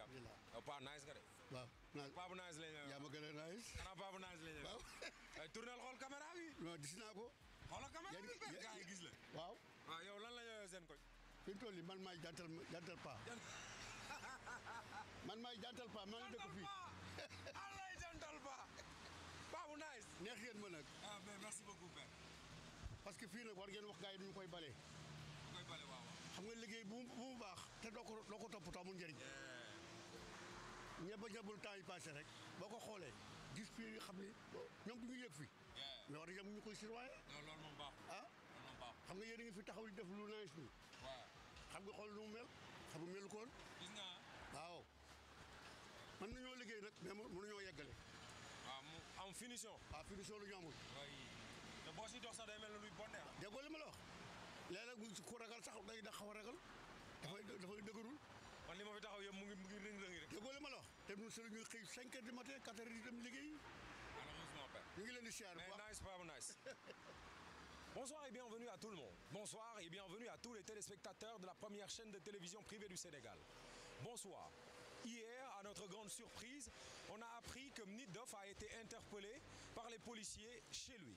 jàpp Pape nice nga de. waaw Pape nice lañ leen. yaa ma gën a nice. xanaa Pape nice lañ leen. waaw. Eh, tournel xool caméra bi. non gis naa ko. xoolal caméra bi benn gars yi gis la. waaw. waaw ah, yow lan la ñu seen koñ. fi mu toll nii man maay jantal jantal paa. man maay jantal paa maa ngi dëkk fii. an lay jantal paa. Pape nice. neex ngeen ma nag. ah mais merci beaucoup père. parce que fii nag war ngeen wax gars yi duñu koy bale. koy bale waaw. xam nga liggéey bu mu baax te doo ko doo ko toppatoo amul njëriñ. ñebe ñebul temps yi passé rek boo ko xoolee gis fii xam ni ñoom du ñu yëg fi mais war nañu ñu koy surveiller. loolu ah xam nga yéen a ngi fi taxaw di def lu neex nii. waaw xam nga xool nu mu mel xam nga melu koon gis naa waaw. mën nañoo liggéey nag mais mënuñoo yeggale. waaw ah, mu am finition. waaw ah, finition lu ñu amul. te boo si dox sax day mel ne luy bonde ah. li ma la wax léeg-léeg ko ragal sax day da xaw a ragal dafay dafay dëgërul. man li ma fi taxaw yëpp mu ngi mu ngi rëng leen di siyaar bu baax mais nice pas nice. Bonsoir et bienvenue à tout le monde. Bonsoir et bienvenue à tous les téléspectateurs de la première chaîne de télévision privée du Sénégal. Bonsoir. Hier, à notre grande surprise, on a appris que Mnidov a été interpellé par les policiers chez lui.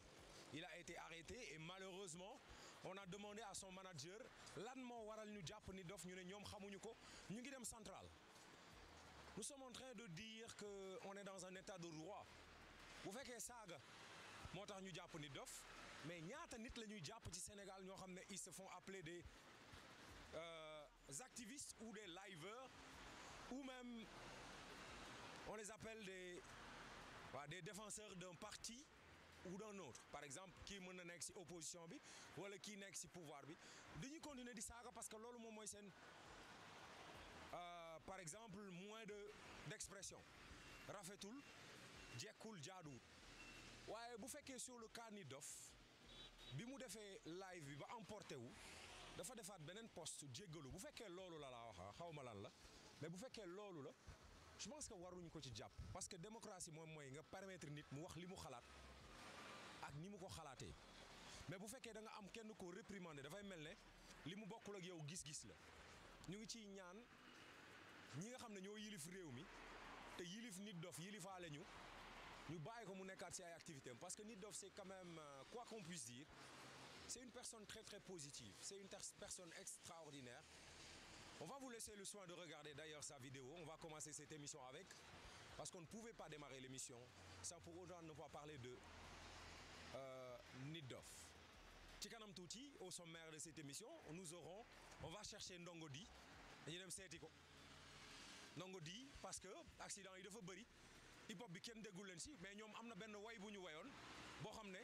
Il a été arrêté et malheureusement, on a demandé à son manager lan moo waral ñu jàpp ni dof ñu ne ñoom xamuñu ko ñu ngi dem centrale nous sommes en train de dire que on est dans un état de droit bu fekkee saaga moo tax ñu jàpp ni dof mais ñaata nit la ñuy jàpp ci Sénégal ñoo xam ne ils se font appeler des euh, activistes ou des liveurs ou même on les appelle des waa des défenseurs d'un parti ou d'un autre par exemple kii mën na nekk si opposition bi wala kii nekk si pouvoir bi dañuy continuer di saaga parce que loolu moom mooy seen euh, par exemple moyen de expression rafetul jekkul jaaduwul waaye bu fekkee sur le cas ni dof bi mu defee live bi ba emporté wu dafa defaat beneen poste jéggalu bu fekkee loolu la laa wax ah, xaw ma lan la mais bu fekkee loolu la je pense que waruñu ko ci jàpp parce que démocratie moom mooy nga permettre nit mu wax li mu xalaat ak ni mu ko xalaatee mais bu fekkee da nga am kenn koo réprimander dafay mel ne li mu bokkul ak yow gis-gis la ñu ngi ciy ñaan ñi nga xam ne ñoo yilif réew mi te yilif nit dof yilifaale ñu ñu bàyyi ko mu nekkaat ci activité am parce que nit dof c'est quand même euh, quoi qu'on puisse dire c'est une personne très très positive c'est une personne extraordinaire on va vous laisser le soin de regarder d'ailleurs sa vidéo on va commencer cette émission avec parce qu'on ne pouvait pas démarrer l'émission nit dof ci kanam tuuti au sommaire de cette émission nous aurons on va chercher Ndongo Di dañu dem seeti ko Ndongo Di parce que accident yi dafa bëri hip hop bi kenn déggul leen si mais ñoom am na benn way bu ñu wayoon boo xam ne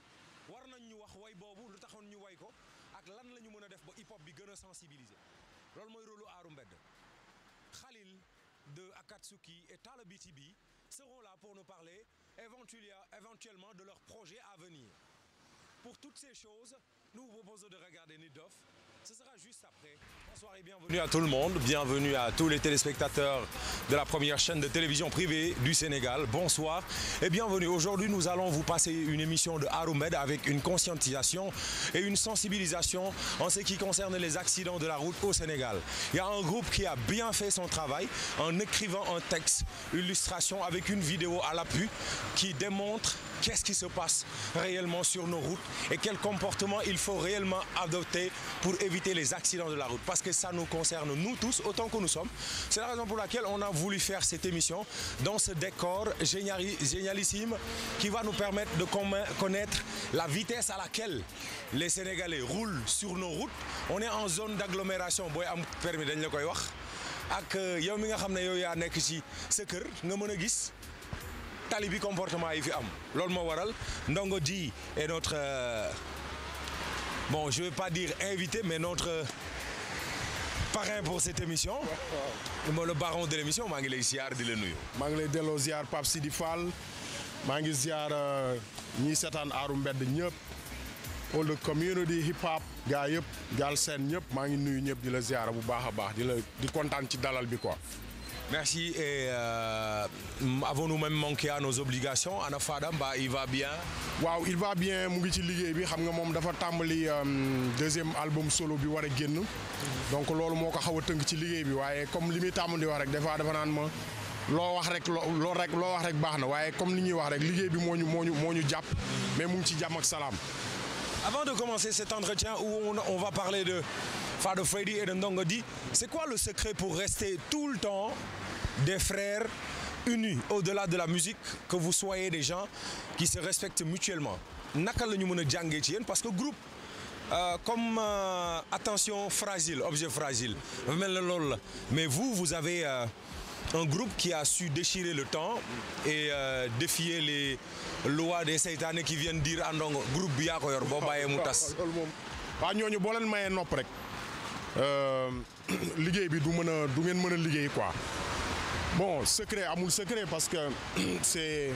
war nañ ñu wax way boobu lu taxoon ñu way ko ak lan la ñu mën a def ba hip hop bi gën a sensibiliser loolu mooy rôle aaru mbedd Khalil de Akatsuki et Tala BTB seront là pour nous parler éventuellement de leurs projet à venir Pour toutes ces choses, nous vous proposons de regarder Nidoff. Ce sera juste après. bienvenue à tout le monde. Bienvenue à tous les téléspectateurs de la première chaîne de télévision privée du Sénégal. Bonsoir et bienvenue. Aujourd'hui, nous allons vous passer une émission de Haroumed avec une conscientisation et une sensibilisation en ce qui concerne les accidents de la route au Sénégal. Il y a un groupe qui a bien fait son travail en écrivant un texte, illustration avec une vidéo à l'appui qui démontre qu'est-ce qui se passe réellement sur nos routes et quel comportement il faut réellement adopter pour éviter les accidents de la route. Parce que ça nous concerne nous tous, autant que nous sommes. C'est la raison pour laquelle on a voulu faire cette émission dans ce décor génialissime qui va nous permettre de connaître la vitesse à laquelle les Sénégalais roulent sur nos routes. On est en zone d'agglomération booy am permis dañ la koy wax ak euh, yow mi nga xam ne yow yaa nekk ci sa kër nga mën a gis tali bi comportement yi fi am loolu moo waral Ndongo Di et notre euh, bon je vais pas dire invité mais notre euh, parrain pour cette émission moo le baron de l'émission maa ngi lay ziar di la nuyu maa ngi lay delloo ziar Pape di Fall maa ngi ziar euh, ñiy seetaan aaru mbedd ñëpp all the community hip hop gaa yëpp gaal seen ñëpp maa ngi nuyu ñëpp di la ziar bu baax a baax di la di kontaan ci dalal bi quoi Merci et euh, avons-nous même manqué à nos obligations Ana Fada Mba il va bien waaw il va bien mu ngi ci liggéey bi xam nga moom dafa tàmbali euh, deuxième album solo bi war a génn donc loolu moo ko xaw a tënk ci liggéey bi waaye comme li muy tàmbali wax rek des dafa naan ma loo wax rek loo rek loo wax rek baax na waaye comme li ñuy wax rek liggéey bi moo ñu moo ñu moo jàpp mais mu ngi ci jàmm salaam Avant de commencer cet entretien où on, on va parler de Fado Freddy et de Ndongo Di, c'est quoi le secret pour rester tout le temps des frères unis au-delà de la musique, que vous soyez des gens qui se respectent mutuellement naka la ñu mën a jàngee ci yéen parce que groupe euh, comme euh, attention fragile objet fragile mel na loolu la mais vous vous avez. Euh, un groupe qui a su déchirer le temps et euh, défier les lois des seytaane qui viennent dire à ah, Ndongo groupe bi yaa ko yor boo bàyyee mu ah, tas. waaw ñooñu booleen leen mayee nopp rek euh, liggéey bi du mën a du ngeen mën a liggéey quoi bon secret amul secret parce que c'est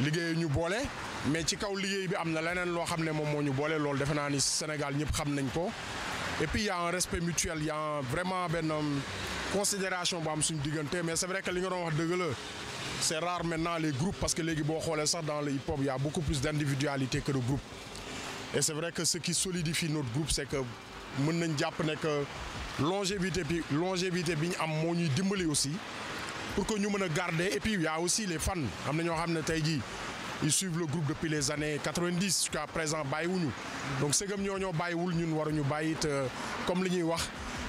liggéey ñu boole mais ci kaw liggéey bi am na leneen loo xam ne moom moo ñu boole loolu defe naa ni Sénégal ñëpp xam nañ ko et puis il y un respect mutuel il y vraiment benn. considération boo am suñu diggante mais c'est vrai que li nga doon wax dëgg la c'est rare maintenant les groupes parce que léegi boo xoolee sax dans le hip hop y a plus d'individualité que de groupe et c'est vrai que ce qui solidifie notre groupe c'est que mën nañ jàpp ne que longévité bi longévité bi ñu am moo ñuy dimbali aussi pour que ñu mën a garder et puis y aussi les fan am na ñoo xam ne tey jii ils suivent le groupe depuis les années 90 jusqu'à présent bàyyiwuñu donc sëgam ñoo ñoo bàyyiwul ñun waruñu bàyyi it comme li ñuy wax.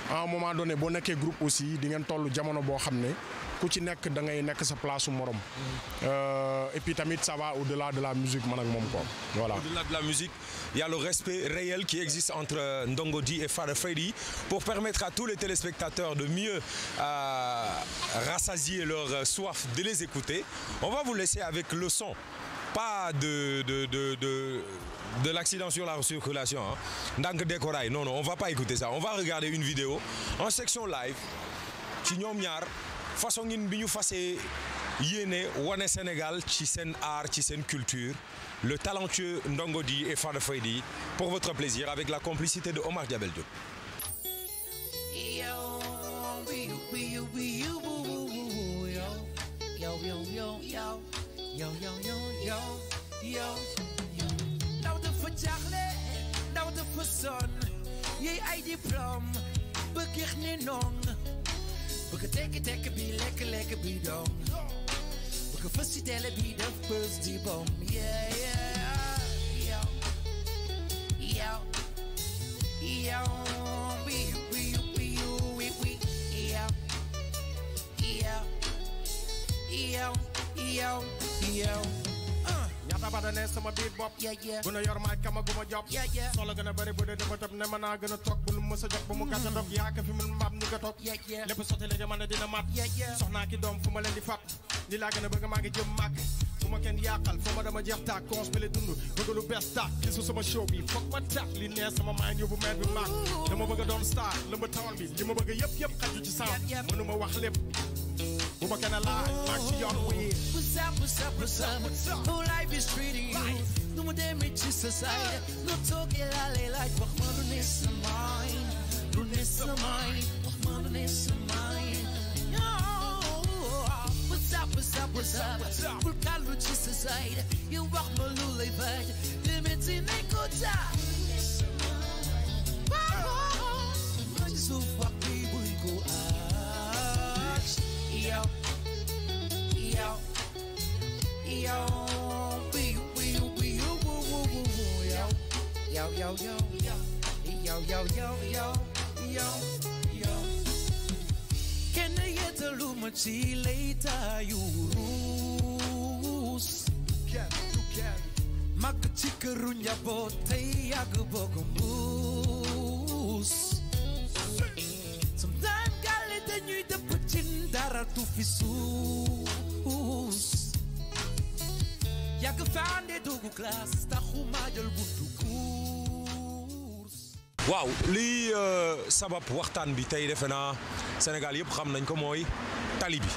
à un moment donné boo nekkee groupe aussi di ngeen toll jamono boo xam ne ku ci nekk da ngay nekk sa place su morom. Euh, et puis tamit ça va au-delà de la musique man ak moom quoi voilà. au-delà de la musique il y a le respect réel qui existe entre euh, Ndongo Di et Fara Freddy pour permettre à tous les téléspectateurs de mieux euh, rassasier leur euh, soif de les écouter on va vous laisser avec le son pas de de de de. de l'accident sur la circulation hein ndànk décorail non non on va pas écouter ça on va regarder une vidéo en section live ci ñoom ñaar façon ngin bi ñu fasee yéene wane Sénégal ci seen art ci seen culture le talentueux Ndongo Di et Fada Freddy pour votre plaisir avec la complicité de Omar Diabel Diop jaaxle ndaw dafa sonn yey ay diplôme bëggeex ne noon bëgg tekki tekki bi lekk lekk bi doom bëgg fës ci télé bi def bës di bom yeah yeah yow yow yow bi bi bi bi bi yow yow yow yow yow sabada ne sama biir bopp gën a yor maay kama ma job solo a bëri bu dee dafa topp ne naa a toog a ba mu a dog yaaka la jamono dina mat soxnaa ki doom fu ma di fat li laa gën a bëgg maa ngi jëm fu ma kenn yàqal fa ma dama jeex taak cons bi la dund bëgg lu bees taak li sama show bi ma taak li nee sama maay yóbbu meer bi maak dama bëgg a doon star la ma tawal bi li ma bëgg yëpp yëpp xaju ci saam mënuma wax lépp bu ma kenn laaj maak ci yoon wi What's up, what's up, what's up? What's up? How life is treating you. Life. No more damage to society. Uh. No talking lolly like Rahman is the mind. Runis the mind. Rahman is the mind. What's up, what's up, what's up? We're colored to society. You walk my lully bag. Limits in a good time. So fuck me, we go out. Yeah. yo, wee wee wee yo, woo woo woo woo yo, yo yo yo yo, yo yo yo yo yo yo. Can I get a room tea later? You lose. You can, you can. Makachikarunya bote yagbogumus. Sometimes galette nuit de poutine dara tout fissous. yàgg fànde dugg classe taxu waaw lii euh, sabab waxtaan bi tey defe naa Sénégal yëpp xam nañ ko mooy tali bi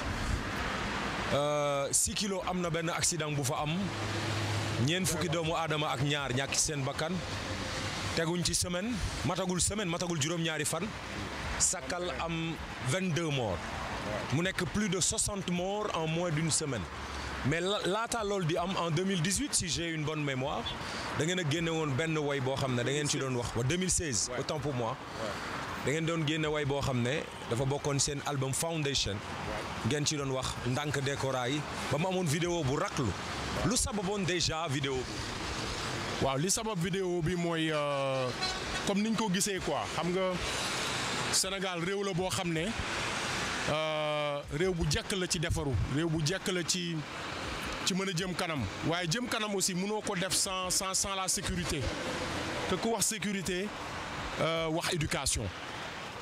euh, six kilo am na benn accident bu fa am ñeent fukki doomu aadama ak ñaar ñàkk seen bakkan teguñ ci semaine matagul semaine matagul juróom-ñaari fan Sakal am 22 morts mu nekk plus de 60 en mois d'une semaine mais laataa lool di am en 2018 si j'ai une bonne mémoire da ngeen a génne woon benn way boo xam ne dangeen ngeen ci doon wax wa 2016 autant pour moi da ngeen doon génne way boo xam ne dafa bokkoon seen album Foundation ngeen ci doon wax ndànk décora yi ba mu amoon vidéo bu raklu lu sababoon déjà vidéo bi waaw li sabab vidéo bi mooy euh, comme niñ ko gisee quoi xam nga Sénégal réew la boo xam ne euh, réew bu jekk la ci defaru réew bu jekk la ci ci mën a jëm kanam waaye jëm kanam aussi mënoo ko def sans sans sans la sécurité te ku wax sécurité euh, wax éducation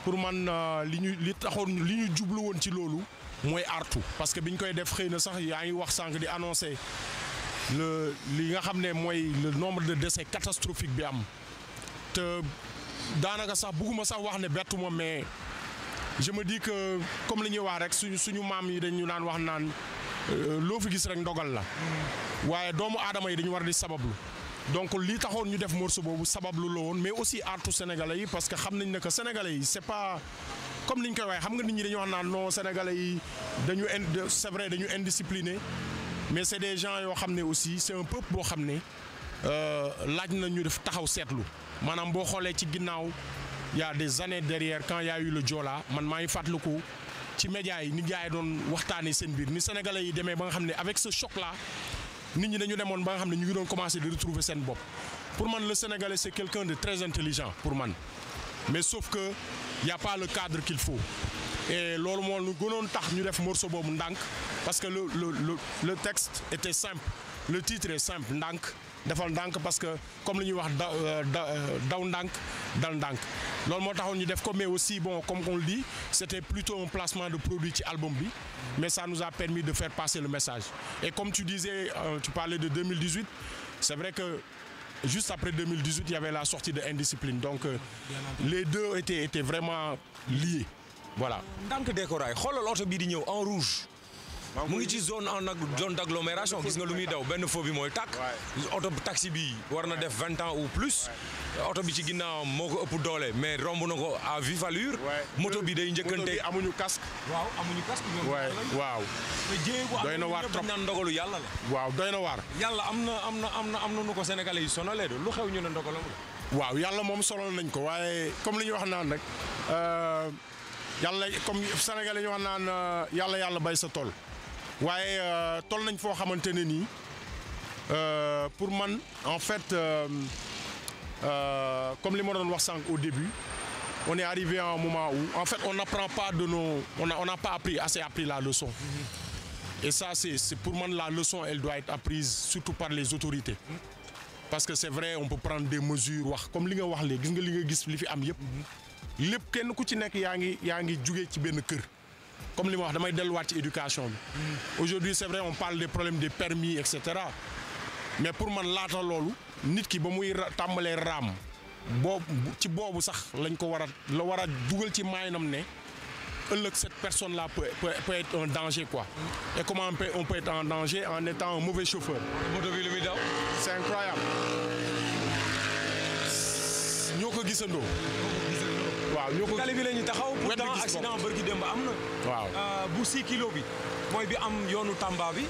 pour man euh, li ñu li taxoon li ñu jublu woon ci loolu mooy artu parce que biñ koy def xëy na sax yaa ngi wax sànq di annoncé le li nga xam ne mooy le nombre de décès catastrophique bi am te daanaka sax bugguma sax wax ne bettu ma je me dis que comme li ñuy wax rek suñu suñu maam yi dañu naan wax naan euh, loo fi gis rek ndogal la waaye doomu aadama yi dañu war di sabablu donc li taxoon ñu def morceau boobu sabablu la woon mais aussi artu sénégalais yi parce que xam nañ ne que sénégalais yi c'est pas comme ni koy waxee xam nga nit ñi dañu wax naan non sénégalais yi dañu ind c'est vrai dañu indiscipliné mais c'est des gens yoo xam ne aussi seen un boo xam ne euh, laaj na ñu def taxaw seetlu maanaam boo xoolee ci ginnaaw. y des années derrière quand y a le Joola man maa ngi fàttaliku ci médias yi ni gars doon waxtaanee seen biir ni sénégalais yi demee ba nga xam ne avec ce choc là nit ñi dañu demoon ba nga xam ne ñu ngi doon commencé di retrouver seen bopp pour man le sénégalais c'est quelqu'un de très intelligent pour man mais sauf que y pas le cadre qu'il faut et loolu moo nu gënoon tax ñu def morceau boobu ndànk parce que le le le le texte était simple le titre est simple ndànk. defal ndànk parce que comme li ñuy wax daw euh, euh, daw ndànk dal ndànk loolu moo taxoon ñu def ko mais aussi bon comme on le dit c'était plutôt un placement de produit ci album bi mais ça nous a permis de faire passer le message et comme tu disais euh, tu parlais de 2018 c'est vrai que juste après 2018 il y avait la sortie de Indiscipline donc les deux étaient étaient vraiment liés voilà. ndànk décoraay xoolal oto bii di ñëw en rouge. mu ngi ci zone en ag zone d' agglomération gis nga lu muy daw benn feu bi mooy tàkk oto taxi bi war na def vingt ans ou plus oto bi ci ginnaawam moo ko ëpp doole mais romb na ko à vive allure moto bi day njëkkante amuñu casque waaw amuñu casque waaw doy na waar trop naan ndogalu yàlla la waaw doy na waar yàlla am na am na am na am na nu ko sénégalais yi sonalee lu xew ñu ne ndogalam la waaw yàlla moom sonal nañ ko waaye comme li ñu wax naan rek euh, yàlla comme sénégalais ñu wax naan euh, yàlla yàlla bay sa tool waaye euh, toll nañ foo xamante ne nii euh, pour man en fait euh, comme li ma doon wax sànq au début on est arrivé à moment où en fait on n'apprend pas de nos on a on n'a pas appris assez appris la leçon. et ça c'est c'est pour man la leçon elle doit être apprise surtout par les autorités. parce que c'est vrai on peut prendre des mesures wax comme li nga wax le gis nga li nga gis li fi am yépp. lép kenn ku ci nekk yaa ngi yaa ngi jugee ci benn kër. comme li ma wax damay delluwaat ci éducation bi. Mm. aujourd'hui c'est vrai on parle des problèmes des permis et mais pour man laata loolu nit ki ba muy tàmbalee raam boobu ci boobu sax lañ ko war a la war a dugal ci maayinam ne ëllëg cette personne la peut peut être un danger quoi. et comment on peut on être en danger en étant un mauvais chauffeur. moto bi lu muy daw. c'est incroyable. ñoo ko gisandoo. waaw ñu ko tali bi la ñu taxaw. pourtant accident bërki démb am na. waaw euh, bu 6 kilo bi. mooy bi am yoonu Tamba bi.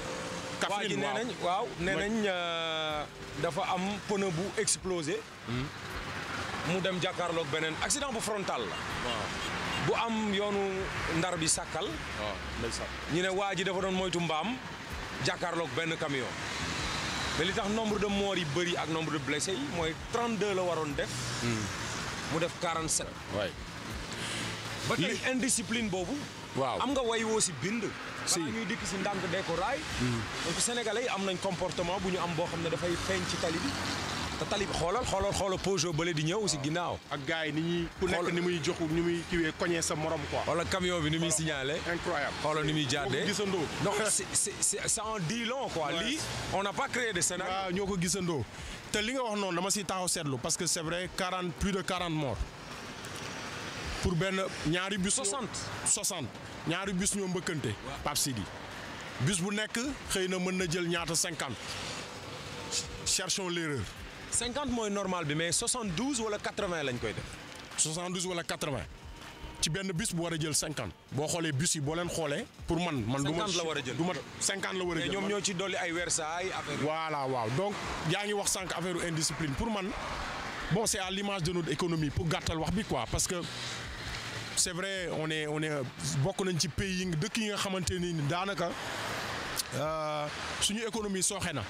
Kaffrine waaw waa ji nee nañ waaw nee nañ euh, dafa am pneu bu explosé. Hmm. mu dem jàkkaarloog beneen accident bu frontal la. bu am yoonu ndar bi sàkkal. ñu ne waa ji dafa doon moytu mbaam jàkkaarlook benn camion. mais li tax nombre de morts yi bëri ak nombre de blessés yi mooy 32 la waroon def. Hmm. mu def 47. waay. ba tey indiscipline boobu. waaw am nga way woo si bind. si ñuy dikk si ndànk dee ko raay. Hmm. donc sénégalais yi am nañ comportement bu ñu am boo xam ne dafay feeñ ci tali bi. te tali bi xoolal xoolal xoolal Peugeot bële di ñëw si ginnaaw. ak gars yi ni ñuy. ku nekk ni muy joxu ni muy kiwee koñee sa morom quoi. wala camion bi ni muy signalé. incroyable xoolal ni muy jaadee. gisandoo donc c'est c'est c'est un dit long quoi. lii on n'a pas créé de scénario. ñoo ko gisandoo. te li nga wax noonu dama si taxaw seetlu parce que c' est vrai quarante plus de quarante morts pour benn ñaari bus. soixante soixante ñaari bis ñoo mbëkkante. Pape Sidi bus bu nekk xëy na mën na jël ñaata cinquante cherchons l' erreur. cinquante mooy normal bi mais soixante douze wala quatre vingt lañ koy def. soixante douze wala quatre vingt ci benn bus bu war a jël cinquante boo xoolee bus yi boo leen xoolee pour man man du ma du ma cinquante la war a jël ñoom ñoo ci dolli ay weer saa ay affaire voilà waaw donc yaa ngi wax sànq affaire indiscipline pour man bon c'est à l'image de notre économie pour gàttal wax bi quoi parce que c'est vrai on est on bokk nañ ci pays yi dëkk yi nga xamante ni daanaka euh, suñu économie sooxe na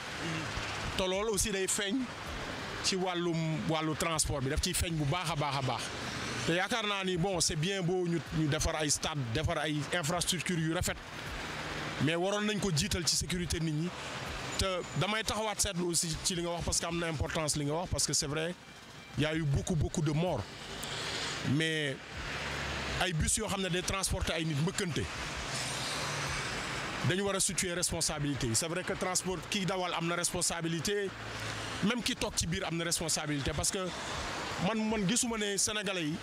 te loolu aussi day feeñ ci wàllum wàllu transport bi daf ciy feeñ bu baax a baax a baax te yaakaar naa ni bon c'est bien boo ñu ñu defar ay stade defar ay infrastructures yu rafet mais waroon nañ ko jiital ci sécurité nit ñi te damay taxawaat seetlu aussi ci li nga wax parce que am na importance li nga wax parce que c'est vrai il y a de morts mais ay bus yoo xam ne day transporter ay nit mbëkkante dañu war a situer responsabilité c'est vrai que transport ki dawal am na responsabilité même ki toog ci biir am na responsabilité parce que man man gisuma ne sénégalais yi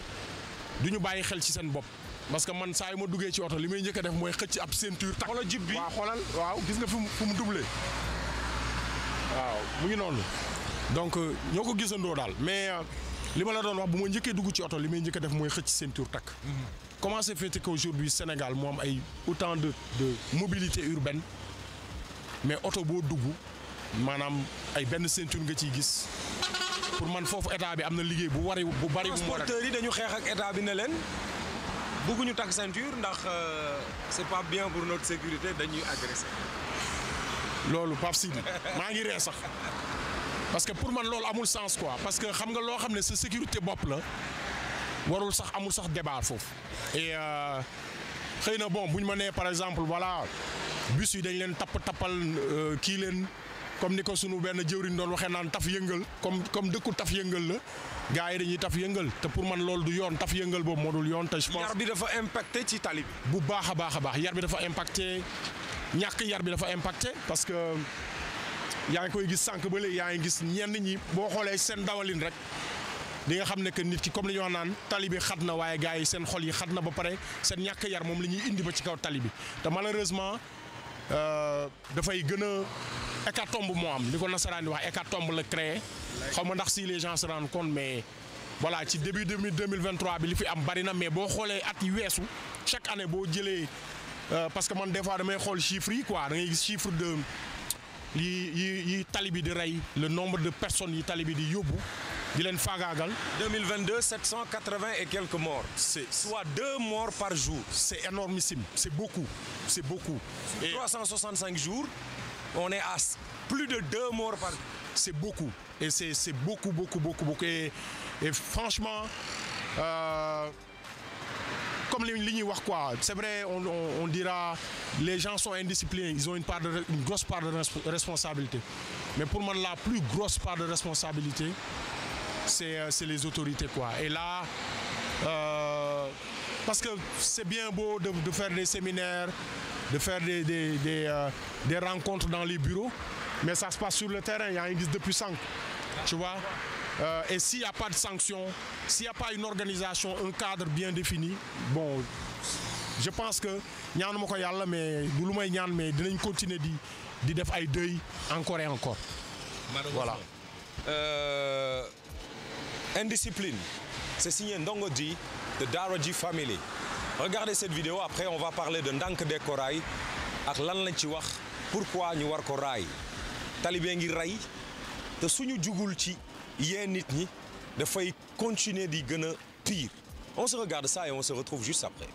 du ñu bàyyi xel ci seen bopp parce que man saa yu ma duggee ci oto li may njëkk a def mooy xëcc ab ceinture. tax xoolal jib bi waaw gis nga fu mu fu mu doublé waaw mu ngi noonu donc euh, ñoo ko gisandoo daal mais euh, li ma la doon wax bu ma njëkkee dugg ci oto li may njëkka def mooy xëcc ceinture takk. Mhm. comment se fait-il qu'aujourd'hui Sénégal moo am ay autant de de mobilité urbaine mais oto boo dugg maanaam ay benn ceinture nga ciy gis. pour man foofu état bi am na liggéey bu wari bu bari bu mu war transporteurs yi dañu xeex ak état bi ne leen bëgguñu takk ceinture ndax euh, c'est pas bien pour notre sécurité dañuy agressé. loolu Pape Sidi maa ngi ree sax parce que pour man loolu amul sens quoi parce que xam nga loo xam ne sa sécurité bopp la warul sax amul sax débat foofu. Euh, xëy na bon buñ ñu ma nee par exemple voilà bus yi dañ leen tap tappal euh, kii leen. comme ni ko sunu benn jëwriñ doon waxee naan taf yëngal comme comme dëkku taf yëngal la gars yi dañuy taf yëngal te pour man loolu du yoon taf yëngal boobu moo dul yoon. te je pense dafa impacté ci tali bu baax a baax a baax yar bi dafa impacté ñàkk yar bi dafa impacté parce que yaa ngi koy gis sànq ba léegi yaa ngi gis ñenn ñi boo xoolee seen dawalin rek. di nga xam ne que nit ki comme li ñu naan tali bi xat na waaye gars yi seen xol yi xat na ba pare seen ñàkk yar moom la ñuy indi ba ci kaw tali bi te malheureusement. Euh, dafay gën a hécatombe moo am li ko nasaraan di wax tomb la créé xaw ma ndax si les gens se rendent compte mais voilà ci début demi 2023 bi li fi am barina mais boo xoolee at yi weesu chaque année boo jëlee euh, parce que man des fois damay xool chiffres yi quoi da ngay gis chiffre de yi yi yi tali di rey le nombre de personnes yi tali bi di yóbbu. di leen faagaagal. 2022 780 et quelques morts. c'est soit deux morts par jour. c'est énormissime c'est beaucoup c'est beaucoup. et 365 jours on est à plus de deux morts par. c'est beaucoup et c'est c'est beaucoup beaucoup beaucoup beaucoup et et franchement. Euh, comme li ñuy wax quoi c'est vrai on, on on dira les gens sont indisciplinés ils ont une responsabilité mais pour man la plus grosse part responsabilité Euh, c'est les autorités quoi. Et là, euh, parce que c'est bien boo de, de, faire des séminaires, de faire des, des, des, euh, dans les bureaux, mais ça se passe sur le terrain, yaa y a un indice de vois. Euh, et s'il n'y a pas de sanctions, s'il n'y a pas une organisation, un cadre bien défini, bon, je pense que ñaanuma ko yàlla mais du lu may ñaan mais dinañ continuer di di def ay deuil encore et encore. voilà. Euh, Indiscipline. C'est signé Ndongo G de Daro G Family. Regardez cette vidéo, après on va parler de Ndank de Koraï ak lan lañ ci wax pourquoi ñu war ko raay talibé ngi rey te suñu jugul ci yee nit ñi dafay continuer di gën a pire on se regarde ça et on se retrouve juste après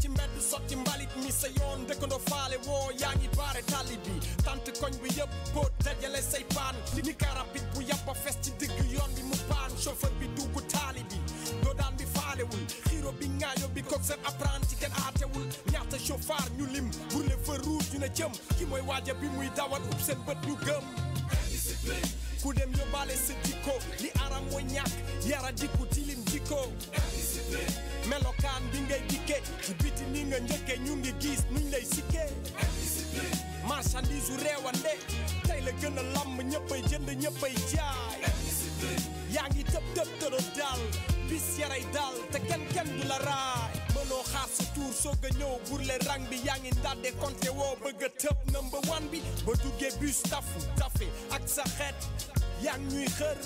ci mbedd sotti mbalit mi sa yoon dëkkandoo faale woo yaa ngi baare tàlli bi tant koñ bi yëpp boo dajale say paan ni karapit bu yàppa fes ci digg yoon bi mu paan chauffeur bi dugg taali bi doo daan bi faalewul xiiro bi ngaayo bi kook seen apprenti kenn aatewul ñaata chauffeur ñu lim pour le feu rouge ñu ne jëm ki mooy waaja bi muy dawal ub seen bët ñu gëm ku dem yóbbaale sa jikko li aram mooy ñàkk yara jikku tilim jikko melokaan di ngay dikke ci biti ni nga njëkke ñu ngi gis nuñ lay sikke marchandise u reewande tey la gën a lamb ñëppay jënd ñëppay jaay yaa ngi tëb tëb tëdoo dal bis yaray dal te kenn kenn la raay mënoo xaar sa tour soog a ñëw burle rang bi yaa ngi ndàdde konte woo bëgg a tëb number one bi ba duggee bus tafu tafe ak sa xeet yaa ngi ñuy xër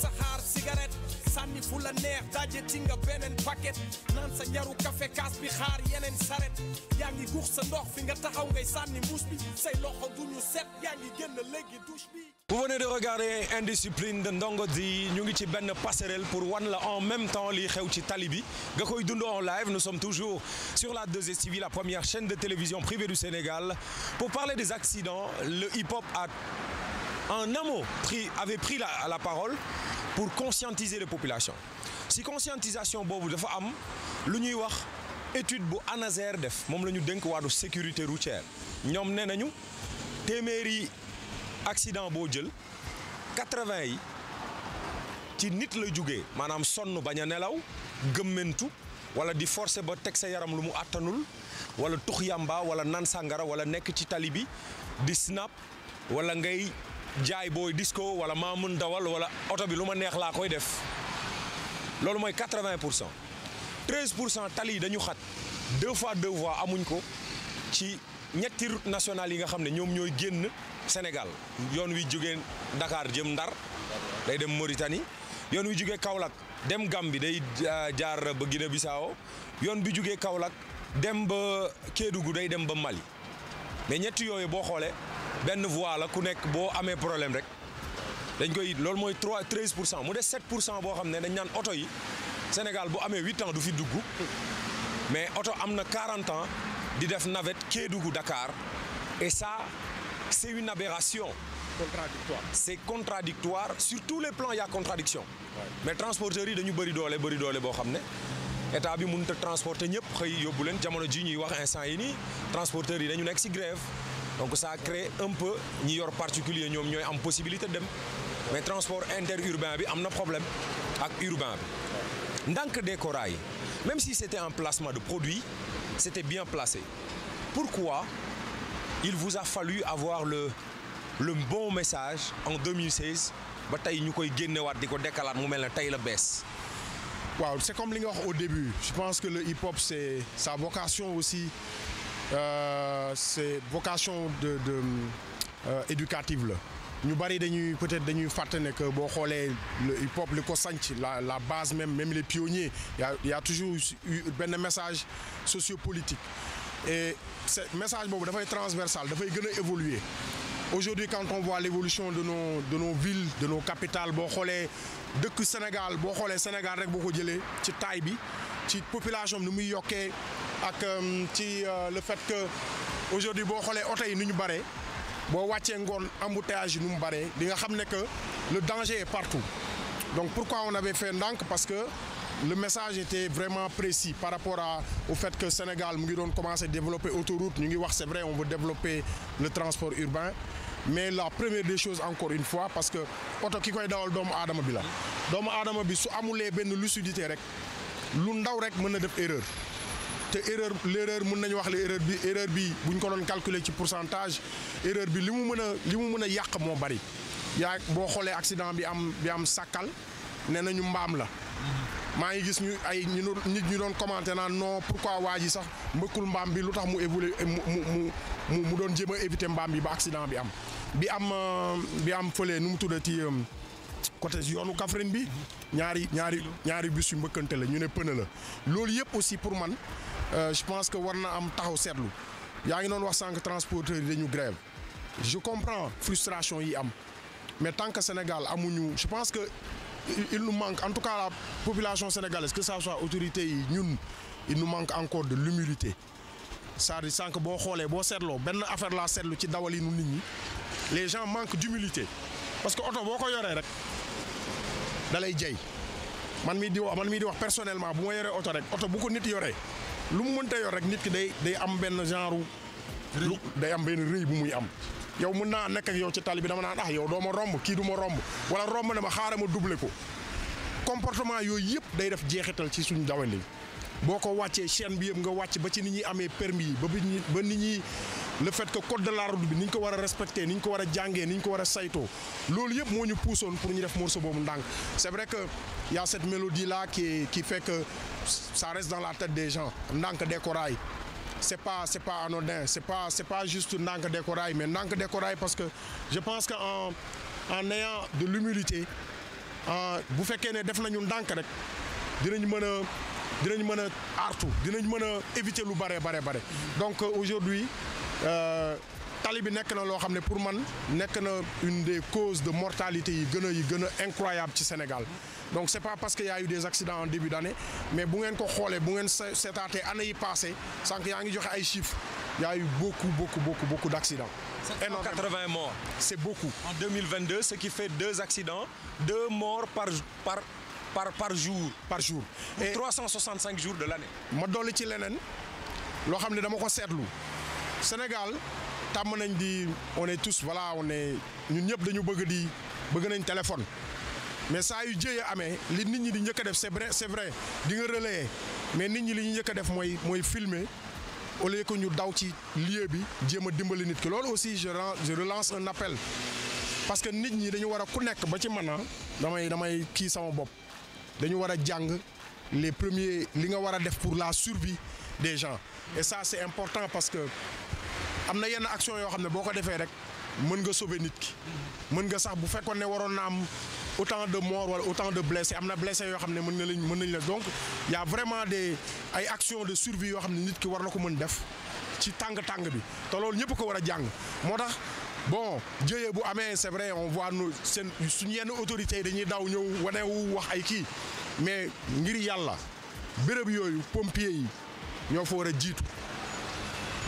saxaar cigarette sànni fu la neex dajeti nga beneen paquet naan sa ñaru café kaas bi xaar yeneen saret yaa ngi guux sa ndox fi nga taxaw ngay sànni mbuus bi say loxo duñu set yaa ngi génn léegi douche bi Vous venez de regarder Indiscipline de Ndongo Di ñu ngi ci benn passerelle pour wan la en même temps li xew ci tali bi nga koy dund en live nous sommes toujours sur la 2STV la première chaîne de télévision privée du Sénégal pour parler des accidents le hip-hop a en un mot pour conscientiser les population si conscientisation boobu dafa am lu ñuy wax étude bu ANASER def moom la ñu dénk wàllu sécurité routière ñoom nee nañu téeméeri accident boo jël quatre-vingts yi ci nit la jógee maanaam sonn bañ a nelaw gëmmentu wala di forcer ba teg sa yaram lu mu àttanul wala tux yamba wala nan sàngara wala nekk ci tali bi di snap wala ngay jaay booy disco wala maa mun dawal wala oto bi lu ma neex laa koy def loolu mooy quatre-vingt pour cent treize pour cent tali yi dañu xat deux fois deux voies amuñ ko ci ñetti route yi nga xam ne ñoom ñooy génn Sénégal yoon wi jógee Dakar jëm Ndar day dem Mauritanie yoon wi jógee Kaolack dem bi day euh, jaar ba Guinée Bissau yoon bi jógee Kaolack dem ba Kédougou day dem ba Mali mais ñetti yooyu boo xoolee. benn voie la ku nekk boo amee problème rek dañ koy loolu mooy trois treize pour cent mu de sept pour cent boo xam ne dañ naan oto yi Sénégal boo amee huit ans du fi dugg mais oto am na quarante ans di def navette Kédougou Dakar et ça c'est une aberration. contradictoire c'est contradictoire sur tous les plans y a contradiction mais transporteurs yi dañu bëri doole bëri doole boo xam ne état bi mënut a transporter ñëpp xëy yóbbu leen jamono ji ñuy wax instant yi nii transporteurs yi dañu nekk ci grève. donc sa crée un peu ñi yor particulier ñoom ñooy am possibilité dem mais transport interurbain bi am na problème ak urbain bi ndànk décorail yi même si c'était un placement de produit c'était bien placé pourquoi il vous a fallu avoir le le bon message en 2016 ba tey ñu koy génnewaat di ko dekkalaat mu mel ne tey la bees waaw c'est comme li nga wax au début je pense que le hip-hop c'est sa vocation aussi euh, c'est vocation de de euh, éducative la ñu bari dañuy peut-être dañuy fàtte ne que boo xoolee le hip hop li ko sanc la la base même même les pionniers y a toujours benn message sociopolitique e ce message boobu dafay transversal dafay gën a évoluer aujourd'hui quand on voit l'évolution de nos de nos villes de nos capitales boo xoolee dëkk Sénégal boo xoolee Sénégal rek boo ko jëlee ci taille bi ci population bi ni muy yokkee ak euh, ci euh, le fait que aujourd'hui boo xoolee oto yi nu ñu baree boo wàccee ngoon embouteillage yi nu mu baree di nga xam ne que le danger est partout donc pourquoi on avait fait ndànk parce que le message était vraiment précis par rapport à au fait que Sénégal mu ngi doon commencer développer autoroute ñu ngi wax c'est vrai on veut développer le transport urbain mais la première des choses encore une fois parce que oto ki koy dawal doomu aadama bi la doomu aadama bi su amulee benn lucidité rek lu ndaw rek mën na def erreur te erreur l'erreur mun nañu waxle le bi erreur bi bu ñu ko doon calculer ci pourcentage erreur bi li mu mën a li mu mën a yàq moo bari yaa boo xoolee accident bi am bi am sàkkal nee nañu mbaam la maa ngi gis ñu ay ñu nit ñu doon commenté naan non pourquoi waa ji sax mbëkkul mbaam bi lu tax mu évolué mu mu mu mu doon jéem a éviter mbaam bi ba accident bi am bi am euh, bi am fële nu mu tuddati euh, côté yoonu Kaffrine bi ñaari ñaari ñaari bus yu mbëkkante la ñu ne pëne la loolu yëpp aussi pour man euh, je pense que war na am taxaw seetlu yaa ngi doon wax sànq transporteurs yi dañu grève je comprends frustration yi am mais tant que Sénégal amuñu je pense que euh, il nous manque en tout cas la population sénégalaise que ça soit autorité yi ñun il nous manque encore de l'humilité c'est-à-dire sànq boo xoolee boo seetloo benn affaire laa seetlu ci dawalinu nit ñi les gens manquent d'humilité parce que oto boo ko yoree rek. dalay lay jey man mii di wax man mii di wax personnellement bu ma yoree oto rek oto bu ko nit yoree lu mu mënta yor rek nit ki day day am benn genre. lu day am benn rëy bu muy am. yow mën naa nekk ak yow ci tali bi dama naan ah yow doo ma romb kii du ma romb wala romb na ma xaaral ma doublé ko comportement yooyu yëpp day def jeexital ci suñu dawande yi boo ko wàccee chaîne bi yëpp nga wàcc ba ci ni ñuy amee permis yi ba bi ñuy le fait que code de la route bi niñ ko war a respecté ni ko war a jàngee ni ñu ko war a saytoo loolu yëpp moo ñu puusoon pour ñu def morceau boobu ndànk c'est vrai que y a cette mélodie là qui qui fait que ça reste dans la tête des gens ndànk décoraay c'est pas c'est pas anodin c'est pas c'est pas juste ndànk décoraay mais ndànk décoraay parce que je pense que en en ayant de l'humilité bu fekkee ne def nañu ndànk rek dinañ mën a dinañ mën a artu dinañ mën a éviter lu bare bare bare donc euh, aujourd'hui euh, tali bi nekk na loo xam ne pour man nekk na une des causes de mortalité yi gën a gën a incroyable ci Sénégal donc c'est pas parce que y a des accidents en début d'année mais bu ngeen ko xoolee bu ngeen seetaatee année yi passé sànq yaa ngi joxe ay chiffres y a eu beaucoup beaucoup beaucoup beaucoup d'accidents. 780 morts. C'est beaucoup. En 2022 ce qui fait deux accidents deux morts par par. par par jour. par jour et 365 jours de l'année. ma dolli ci leneen loo xam ne dama ko seetlu Sénégal tàmm nañ di on est tous voilà on est ñun ñëpp dañu bëgg di bëgg nañ téléphone mais saa yu jëyee amee li nit ñi di njëkk def c'est vrai c'est vrai di nga mais nit ñi li ñu njëkk a def mooy mooy filmer. au que ñu daw ci lieu bi jéem a dimbali nit ki loolu aussi je je relance nappel appel parce que nit ñi dañu war a ku nekk ba ci man ah, damay damay kii sama bopp dañu war a jàng les premiers li nga war a def pour la survie des gens et ça c'est important parce que am na yenn action yoo xam ne boo ko defee rek mën nga sauver nit ki mën nga sax bu fekkoon ne waroon na am autant de morts wala autant de blessés am na blessé yoo xam ne mën na lañ mën nañ la donc y vraiment de ay actions de survie yoo xam ne nit ki war na ko mën def ci tàng-tàng bi te loolu ñëpp ko war a jàng moo tax bon jëye bu amee c'est vrai on voit nu seen suñu yenn autorités dañuy daw ñëw wanewu wax ay kii mais ngir yàlla béréb yooyu pompiers yi ñoo fa a jiitu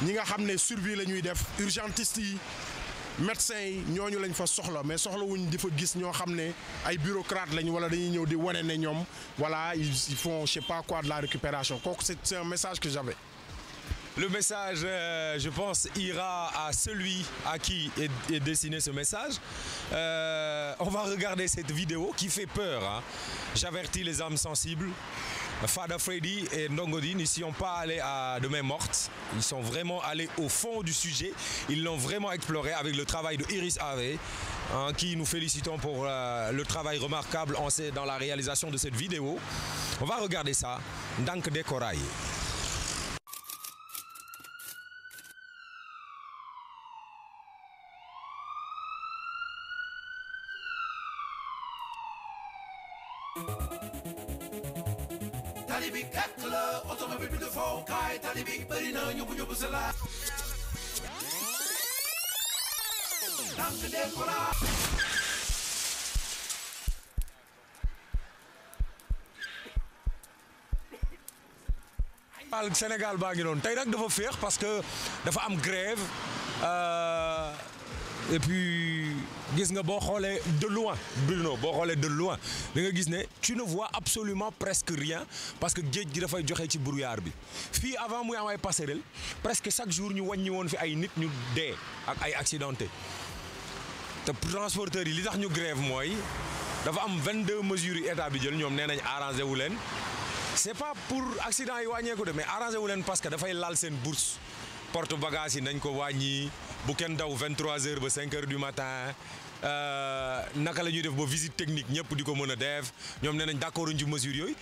ñi nga xam ne survie la ñuy def urgentiste yi médecins yi ñooñu lañ fa soxla mais soxlawuñ di fa gis ñoo xam ne ay bureaucrates lañ wala dañuy ñëw di wane ne ñoom voilà ils font je sais pas quoi de la récupération kooku c'est un message que j'avais Le message, euh, je pense, ira à celui à qui est, est destiné ce message. Euh, on va regarder cette vidéo qui fait peur. Hein. J'avertis les âmes sensibles. Fada Freddy et Nongodin n'y sont pas allés à de main morte. Ils sont vraiment allés au fond du sujet. Ils l'ont vraiment exploré avec le travail de Iris Harvey, hein, qui nous félicitons pour euh, le travail remarquable en, dans la réalisation de cette vidéo. On va regarder ça. Dank Dekoraï. tali Sénégal baa ngi noonu tey nag dafa féex parce que dafa am grève euh, et puis gis nga boo xoolee de loin Bruno boo xoolee de loin da nga gis ne tu ne vois absolument presque rien parce que géej gi dafay joxe ci brouillard bi fii avant muy am ay passerelle presque chaque jour ñu wàññi woon fi ay nit ñu dee ak ay accidenté te transporteurs yi li tax ñu grève mooy dafa am 22 mesures yi état bi jël ñoom nee nañ arrangé wu leen c'est pas pour accident yi wàññeeku de mais arrangé wu leen parce que dafay laal seen bourse porte bagage yi nañ ko wàññi bu kenn daw 23 heures ba 5 heures du matin euh, naka la ñuy def ba visite technique ñëpp di ko mën a def ñoom nee nañ d' accord ci yooyu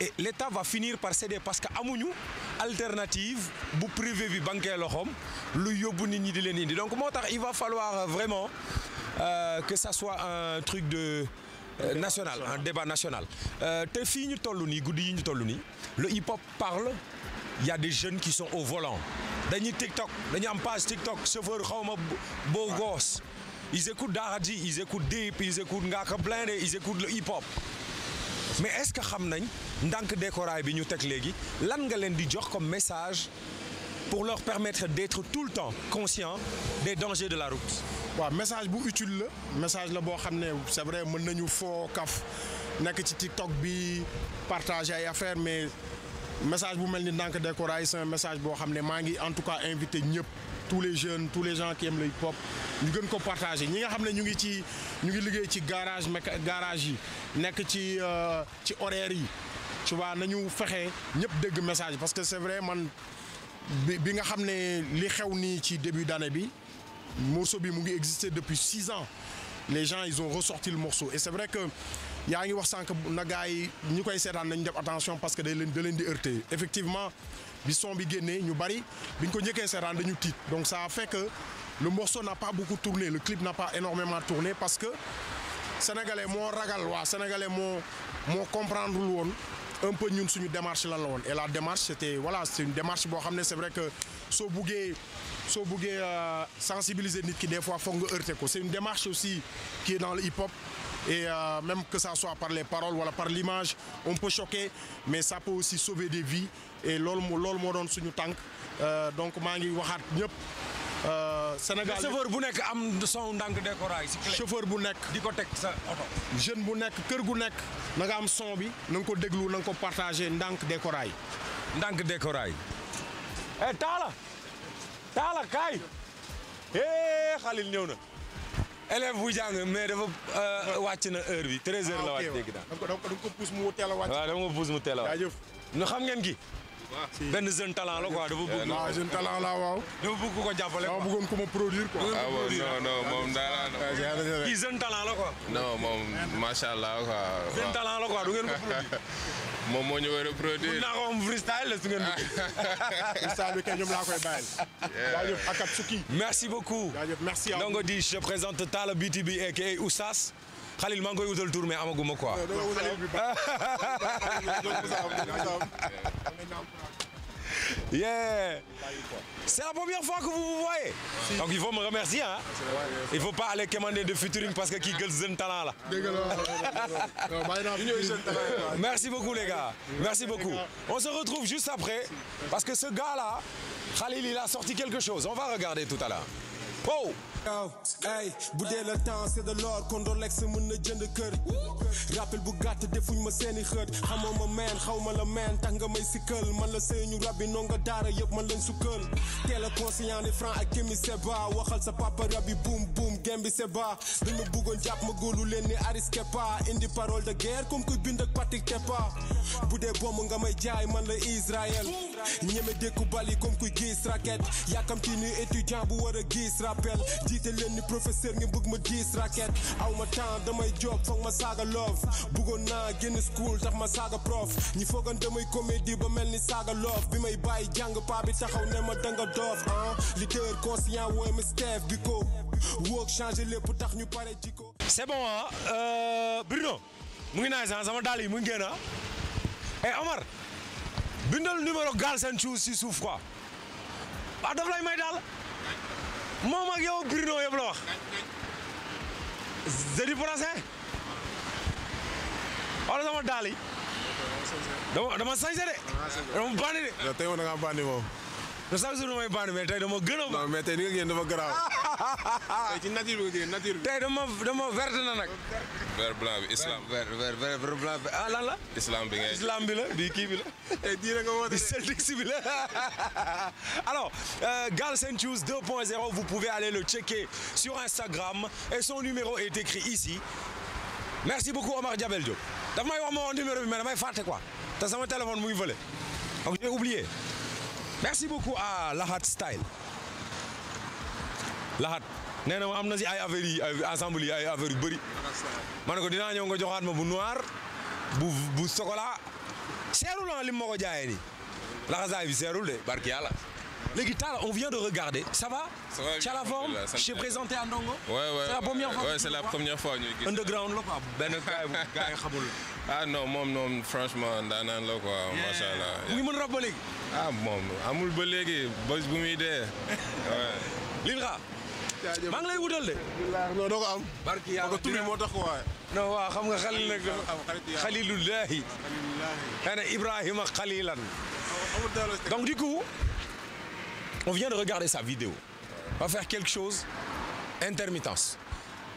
et l' état va finir par céder parce que amuñu alternative bu privé bi bankee loxoom lu yóbbu nit ñi di leen indi donc moo tax il va falloir vraiment euh, que ça soit un truc de euh, national un débat national euh, te fii ñu toll nii guddi yi ñu toll nii le hip hop parle il des jeunes qui sont au volant dañuy TikTok dañu am page TikTok chauffeur xawma beau gosse ils écoutent Daradji ils écoutent Dip ils écoutent Ngaaka Blindé ils écoutent le hip hop mais est-ce que xam nañ ndànk décoraay bi ñu teg léegi lan nga leen di jox comme message pour leur permettre d'être tout le temps conscient des dangers de la route waaw message bu utile la message la boo xam ne c'est vrai mën nañu foo kaf nekk ci TikTok bi partager ay affaires mais message bu mel ni Ndank Décorail c'est un message boo xam ne maa ngi en tout cas invité ñëpp tous les jeunes tous les gens qui aiment le hip hop ñu gën ko partager ñi nga xam ne ñu ngi ci ñu ngi liggéey ci garage garage yi nekk ci euh, ci horaire yi tu vois nañu fexe ñëpp dégg message parce que c'est vrai man bi nga xam ne li xew nii ci début d'année bi morceau bi mu ngi existe depuis six ans les gens ils ont ressorti le morceau et c'est vrai que yaa ngi wax sànq na gars yi ñi koy seetaan dañu def attention parce que day leen da leen di heurter effectivement bi son bi génnee ñu bari ñu ko jëkkee seetaan dañu tiit donc ça fekk fait que le morceau n'a pas beaucoup tourné le clip n'a pas énormément tourné parce que sénégalais moo ragal waa sénégalais moo moo comprendre lu woon un peu ñun suñu démarche lan la woon et la démarche c'était voilà c'est une démarche boo xam ne c'est vrai que soo buggee soo buggee euh, sensibiliser nit ki des fois foog nga heurter ko c'est une aussi qui est dans le et euh, même que ça soit par les paroles wala par l'image on peut choquer mais ça peut aussi sauver des vies et loolu loolu moo doon suñu tànk euh, donc maa ngi waxaat ñëpp. Euh, Sénégal chauffeur bu nekk am son ndànk décoraay si bu nekk di ko teg sa oto. jeune bu nekk kër gu nekk na nga am son bi na nga ko déglu na nga ko partagé ndànk décoraay. ndànk décoraay. eh Talla Talla kaay. eh Khalil ñëw na. élève bu jàng mais dafa euh, wàcc na heure bi 13 heures la ah, wàcc dégg naa. donc donc ko pousse mu teel a wàcc. waaw da nga ko ñu xam ngeen ki ah, benn jeune talent la quoi dafa bëgg. waaw eh, jeune talent la waaw. dafa ko jàppale. waaw bëggoon ko ma produire quoi. Ah, la. kii jeune macha allah quoi. jeune talent moom moo ñu war a produire. mun naa ko am freestyle la su ngeen bëggee. freestyle bi kay ñoom laa koy bàyyil. jaajëf akat sukki. merci beaucoup. jaajëf merci à vous Ndongo Dich je présente Talla BTB aka Oustaz. Khalil maa ngi koy wutal tour mais amaguma quoi. Yeah C'est la première fois que vous vous voyez si. Donc il faut me remercier hein Il faut pas aller commander de featuring parce que kii gël jeune talent la Merci beaucoup les gars Merci beaucoup On se retrouve juste après parce que ce gars là Khalil il a sorti quelque chose On va regarder tout à l'heure Oh yow ay bu dee le temps c'est de l'or kon Rolex mën na jënd kër rappel bu gàtt defuñ ma seeni xët xamoo ma meen xaw ma la meen tax nga may sikkal man la seenu rabbi noo nga daara yëpp man lañ sukkal teel a ni franc ak kémi seba waxal sa papa rabbi boum boum gembi seba dañ ma bëggoon jàpp ma góolu leen ni aris kepa indi parole de guerre comme que bind ak patik tepa bu bomb nga may jaay man la Israël ñeme dékku bali comme kuy gis raquette yàkkamti ni étudiant war a gis jiite leen ni professeur nga bëgg ma diis raquette aw ma temps damay job ma saaga love bëggoon naa génn school tax ma saaga prof ñi foogoon damay comédie ba mel ni saaga bi may bàyyi jàng paa bi taxaw ne ma danga doof ah leader conscient wooy ma Steve bi ko woog changé lépp tax ñu pare ci ko. c'est bon ah euh, Bruno mu ngi naan ah. sama daal yi mu ngi génn ah eh Omar bindal numéro Galsen Show si suuf quoi ah daf lay may daal. moom ak yow Bruno yëpp la wax. jeudi prochain. wala sama daal yi. dama dama sañse de. dama bandi de. te chaque jour damay bànn mais a. ni nga génn nature bi nga génn nature bi. tey dama dama islam. vert vert vert blanc bi ah lan la. islam bi ngay islam bi la kii bi la. tey diine nga woote de Celtic si bi la. alors Galsen Tools 2.0 vous pouvez aller le checker sur Instagram et son numéro est écrit ici. merci beaucoup Omar Diabel Diop daf may wax ma woon numéro bi mais damay fàtte quoi te sama téléphone mu ngi fële donc ah, j'ai merci beaucoup à Lahat Style Lahat nee na am na si ay affaires yi ay yi ay affaires yu bëri. ma ne ko dinaa ñëw nga joxaat ma bu noir bu bu chocolat seerul li mu ma ko jaayee nii laxasaay bi seerul de barki yàlla. léegi Talla on vient de regarder ça va. ça va tu as la forme je t'ai présenté à Ndongo. ouais ouais c'est la première fois underground la quoi benn kaay bu gars yi xamul. ah non moom moom franchement ndaanaan la quoi macha allah. mu ngi mën rap ba léegi. Ah, amul ba léegi bés bu muy dee. Lirra. jaajëf maa lay wutal de. non doo ko am. barki yàlla parce que tur donc du On vient de regarder sa vidéo. On va faire quelque chose, intermittence.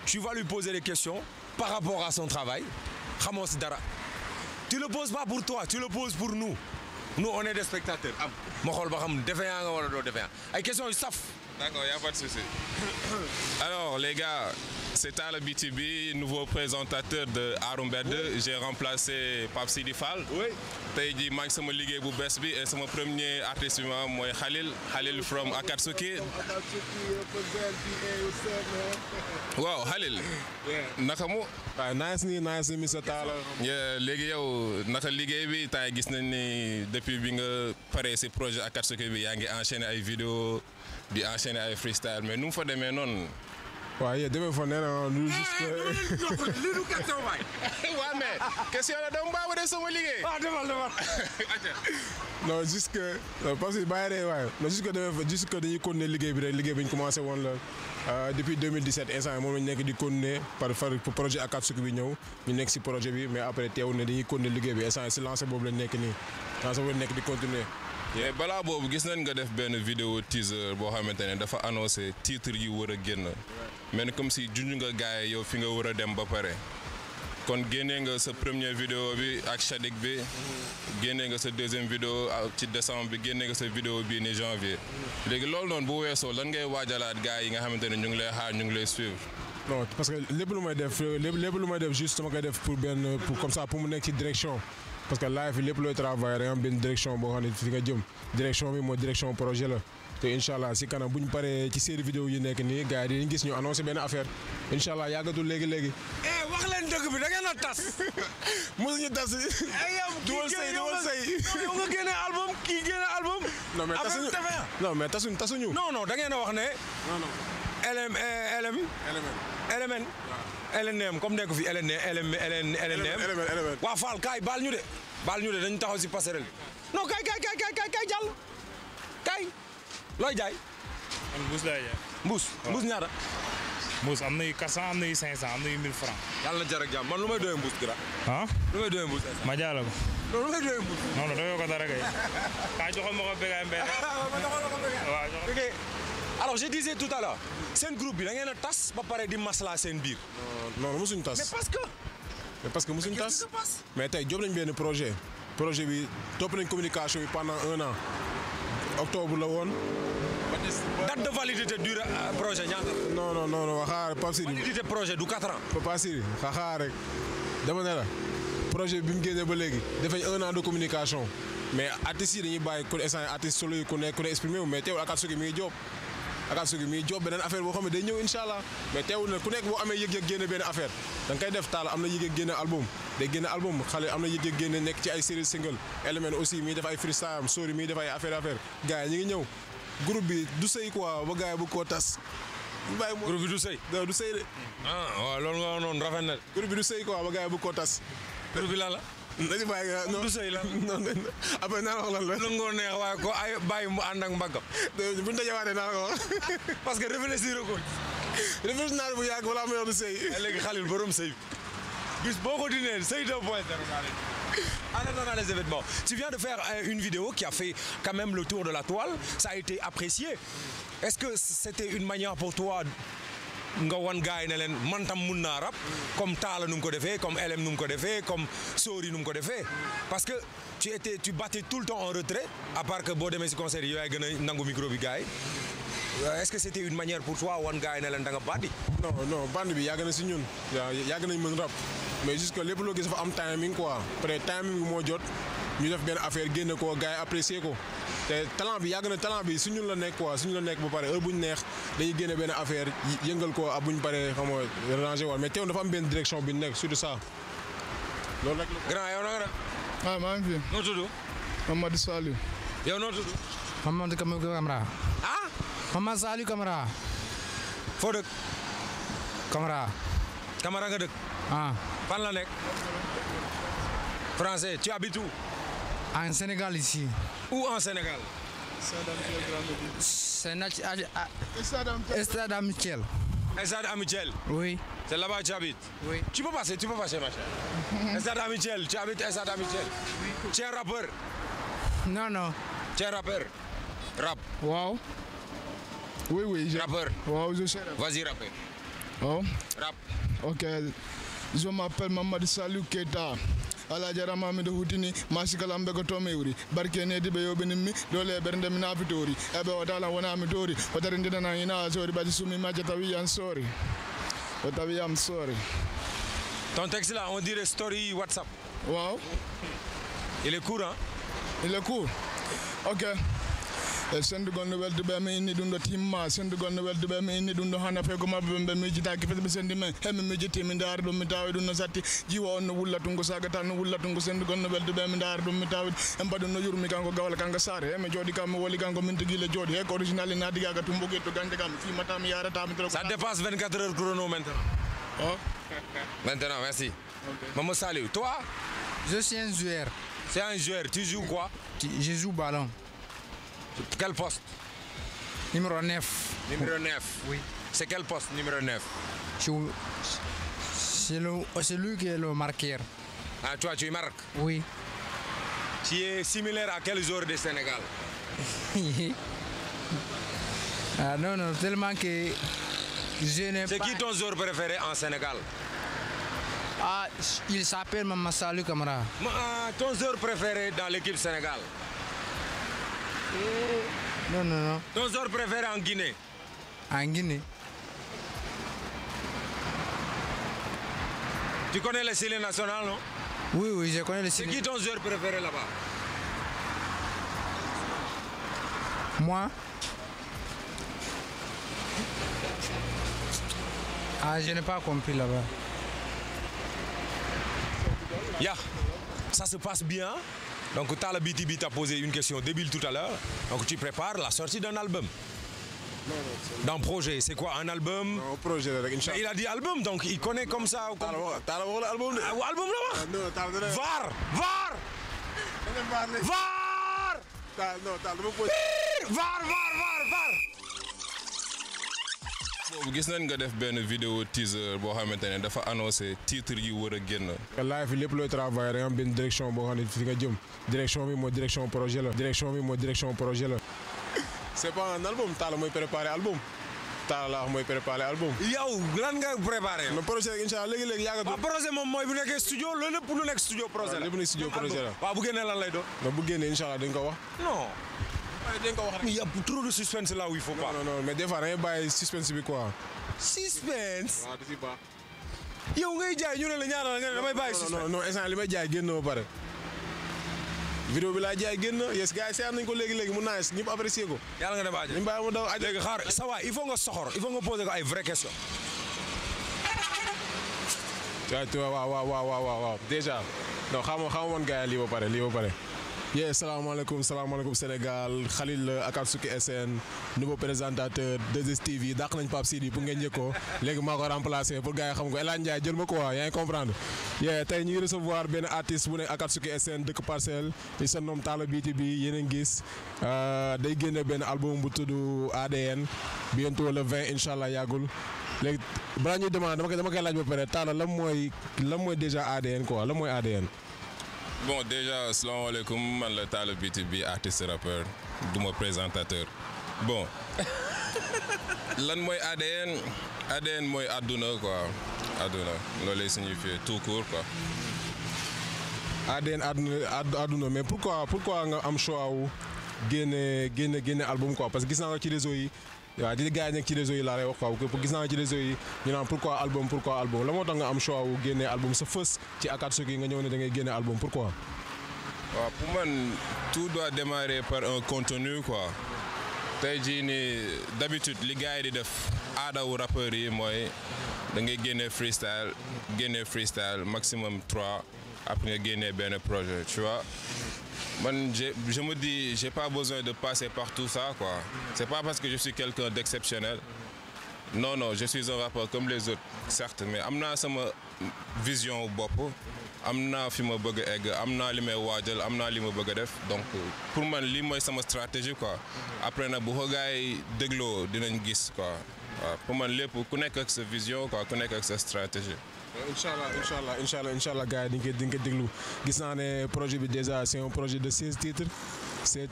Tu vas lui poser des questions par rapport à son travail. Khamos Dara. Tu le poses pas pour toi, tu le poses pour nous. Nous, on est des spectateurs. Am, ma xol ba xam défaillant nga wala doo défaillant ay questions yu saf. D'accord, il n'y a pas de souci. Alors, les gars, bi Tala Bitibi, présentateur de Arumbed. Oui. J'ai remplacé Pape Sidi Fall. tey jii maa sama liggéey bu bees bi et sama premier artiste bi ma mooy Khalil Khalil from Akatsuki. waaw Khalil. naka mu. waaw nice nii nice nii monsieur Talla. léegi yow naka liggéey bi tay gis nañ ni depuis bi nga pare si projet Akatsuki bi yaa ngi enchaîné ay vidéo di enchaîner ay freestyle mais nu mu fa demee noonu. waaw yéen demee fa nee naa lu. Eh, eh, lii du question waay. waaw mais question la dama baax ba de sama liggéey. waaw ah, demal demal. non jusque parce que bàyyi rek waaye liggéey bi rek liggéey bi ñu commencé woon la euh, depuis 2017 instant yi moom nekk di continuer par far projet Akatsuki bi ñëw ñu nekk si projet bi mais après teewul ne dañuy continuer liggéey bi instant yi si lancé boobu la nekk nii lancé boobu la nekk di continuer. mais balaa boobu gis nañ nga def benn vidéo teaser boo xamante ne dafa annoncé titre yi war a génn mel comme si junj nga gars yi yow fi nga war a dem ba pare kon génnee nga sa premier vidéo bi ak Shadik bi génnee nga sa deuxième vidéo ci décembre bi génnee nga sa vidéo bii ni janvier léegi loolu noon bu weesoo lan ngay waajalaat gars yi nga xamante ne ñu ngi lay xaar ñu ngi lay suivre non parce que lépp lu may def lépp lu may def juste dama koy def pour benn pour comme ça pour mu nekk ci direction parce que live fi lépp looy travail da nga am benn direction boo xam ne fi nga jëm direction bi mooy direction projet la te incha allah si kanam bu ñu paree ci série vidéo yu nekk nii gars yi dinañ gis ñu annoncé benn affaire incha allah léegi léegi. eh wax leen dëgg bi da ngeen a tas. mosuñu tas. Eh, duwal sëy duwal da ngeen wax ne. non LNM comme nekk fi LN LN LN LNM. waa Fall kaay baal ñu de. baal ñu de dañu taxaw si passerelle bi. non kaay kaay kaay looy jaay. man mbuus laay jaay. mbuus ah. mbuus mbuus am na yu 400 am na yu 500 am na yu 1000 francs. yàlla na jar ak man lu may doyee mbuus dara. ah lu may lu may doyee mbuus. non non doyoo ko dara kay. kaa joxoon ma ko Bégaay Mbengue. alors je disais tout à l'heure seen groupe bi da ngeen a tas ba pare di maslaa seen biir. non non mosuñu tas. mais parce que. parce que mosuñu tas mais tey job nañ benn projet. projet bi topp nañ communication bi pendant un an. octobre la woon. date de validité durée euh, projet ñaata la. non non non xaar projet du 4 ans. Pape Sidi xaar rek ne la projet bi mu génnee ba léegi dafay un an de communication mais artistes yi dañuy bàyyi ku ne instant artistes solo yi ku ne ku ne exprimé mi ngi jóob. Akatsuki mi job beneen affaire boo xam ne day ñëw incha allah mais teewul na ku nekk boo amee yëg-yëg génne benn affaire da nga koy def taal am na yëg-yëg génne album day génne album xale am na yëg-yëg génne nekk ci ay série single élément aussi miy def ay freestyle am sori miy def affaire affaire gars yi ñu ñëw groupe bi du sëy quoi ba gars yi koo tas bàyyi moom groupe bi du sëy du sëy de ah loolu nga noonu rafet na groupe bi du sëy quoi ba gars koo tas groupe bi la la na ci la non après naa la wax lan la. lu ngoo neex waaye ko ay bàyyi mu ànd ak mbaggam. bu ñu dajawaatee la ko wax. parce que réfléchir ko. réfléchir naa bu yàgg wala am yoonu sëy. léegi xalil borom sëy boo ko dinee sëy deux point zéro En les événements, tu viens de faire euh, une vidéo qui a fait quand même le tour de la toile, ça a été apprécié. Est-ce que c'était une manière pour toi nga wan gars yi ne leen man tam mun naa rap comme Talla nu mu ko defee comme LM nu mu ko defee comme Sori nu mu ko defee parce que tu étais tu battais tout le temps en retrait à que boo demee si concert yi yaay gën a nangu micro bi gars yi euh, est-ce que c'était une manière pour toi wan gars yi leen da nga bandi. non non bandi bi yàgg na si ñun yàgg nañ mën rap mais jusque lépp loo gis dafa am timing quoi après timing bi moo jot ñu def benn affaire génne ko gars yi apprécier te talent bi yàgg na talent bi ñun la nekk quoi suñu la nekk bu pare heure bu ñu neex day génne benn affaire yëngal ko a ah, bu ñu paree xam nga ranger wala mais teew dafa am direction bi nekk surtout ça loolu rek la. grand yow naka la. waaw ah, maa ngi fi. noo tudd. Mamadou Saliou. yow noo tudd. Mamadou ah? foo dëkk. Camara. Camara nga dëkk. ah. fan la nekk. français En Sénégal ici. Où en Sénégal C'est ah, ah, Stade Amical. Stade Amical Oui. C'est là-bas que tu habites Oui. Tu peux passer, tu peux passer, ma chère. Stade Amical, tu rappeur Non, non. Tu rappeur Rap Wow. Oui, oui. Je... Rappeur Wow, je sais. Vas-y, rappeur. Oh. Rap. Ok. Je m'appelle Mamadou ala e a miɗo hutini masikal am ɓe ko to mi uri barke nedi ɓe yoɓinimmi dole e ɓernde mi naafi toori eɓe o dalan wonami toori o tari ndenana hina sori ɓaji sumi majja tawi soori o soori ton texte là on dirait story whatsapp waaw il est court hein e senndugon no weldu ɓe mi inni ɗum ɗo timma senndugon no weldu ɓe mi inni ɗum ɗo hana fego maɓɓe ɓe ɓe miijitaki fes ɓe senndi men hemi miijiti mi ndaari ɗum mi tawi ɗum no satti jiwa on no wulla tungo sagata no wulla tungo senndugon no weldu ɓe mi ndaari ɗum mi tawi e mbaɗum no yurmi kanko gawal kanko saare emi jooɗi kam mi woli kanko min tigi le jooɗi heko original e naadigaga tumboguetto gande kam fimata mi yaratami tro ça dépasse 24 heures chrono maintenant o oh. maintenant merci maman saliou toi je suis un joueur c'est un joueur tu joues quoi je joue ballon Quel poste Numéro 9. Numéro 9 Oui. C'est quel poste, numéro 9 C'est lui qui est marqueur. Ah, toi, tu marques Oui. Tu similaire à quel joueur du Sénégal ah, Non, non, tellement que je n'ai préféré en Sénégal Ah, il s'appelle Mamadou Kamara. Ma, ah, ton joueur préféré dans l'équipe Sénégal Non, non, non. Ton sort préféré en Guinée En Guinée Tu connais le Sili national, non Oui, oui, je connais le Sili. C'est qui Moi ah, je n'ai pas compris là-bas. Ya, ça se passe bien Donc Tala Biti t'a posé une question débile tout à l'heure. Donc tu prépares la sortie d'un album. Dans projet, c'est quoi un album Il a dit album, donc il connaît comme ça. album VAR VAR VAR VAR VAR VAR boobu gis nañ nga def benn vidéo teaser boo xamante ne dafa annoncé titre yi war a génn. live lépp looy travail da nga doon. bu génnee incha allah dañ ko wax. il y a trop de suspense là où il faut non, pas. Non, non, mais des fois, rien by suspense, c'est quoi Suspense yow ngay jaay ñu la ñaanal nga damay bàyyi suspense. non non instant li may jaay génn ba pare. bi laa jaay génn yes gars yi seet nañ ko léegi léegi mu nice ñëpp apprécié ko. yàlla nga dem aajo ñu bàyyi sa waay il faut nga soxor il faut nga ko ay vraies questions. waaw waaw waaw waaw waaw déjà non xamoo xamoo woon gars yi lii ba pare lii ba pare. yee salaamaaleykum salaamaaleykum Sénégal Khalil Akatsuki SN nouveau présentateur 2STV dàq nañ Pape Sidi pour ngeen njëkkoo léegi maa ko remplacé pour gars yi xam ko El Hadj jël ma ko waa yaa ngi comprendre. yee tey ñu recevoir benn artiste bu ne Akatsuki SN dëkk parcelle il se nomme Talla Biti bi yéen gis euh, day génne benn album bu tudd ADN bientôt le 20 incha allah yàggul. léegi balaa ñuy demande dama koy dama koy laaj ba pare Talla lan mooy lan mooy déjà ADN quoi lan mooy ADN. bon déjà asalaamaaleykum man la Talla Biti bi artiste rappeur duma présentateur bon lan mooy ADN ADN mooy àdduna quoi àdduna loolu lay signifier tout court quoi. ADN àdduna àdduna mais pourquoi pourquoi nga am choix wu génne génne génne album quoi parce que gis naa ko ci réseau yi waaw di gars yi nekk ci réseau yi laa lay wax quoi gis naa ci réseau yi ñu naan pourquoi album album la moo tax nga am choix wu génnee album sa fës ci Akatsuki nga ñëw ne da ngay génne album pourquoi. waaw pour man tout doit démarrer par un contenu quoi tey jii nii d'habitude li gars yi di def aadawu rappeurs yi mooy da ngay génne freestyle génne freestyle maximum trois après nga génne benn projet tu Man, je me dis, j'ai pas besoin de passer par tout ça, quoi. C'est pas parce que je suis quelqu'un d'exceptionnel. Non, non, je suis un rappeur comme les autres, certes, mais amna sama vision am na fi ma bëgg egg, am amna li may am amna li ma bëgg def. Donc pour man li moy sama stratégie quoi. Après na bu ko gaay déglo dinañ gis quoi. waaw pour man lépp ku nekk ak sa vision quoi ku nekk ak sa stratégie. incha allah incha allah incha allah incha allah gis naa projet bi déjà c'est un projet de seize titres seize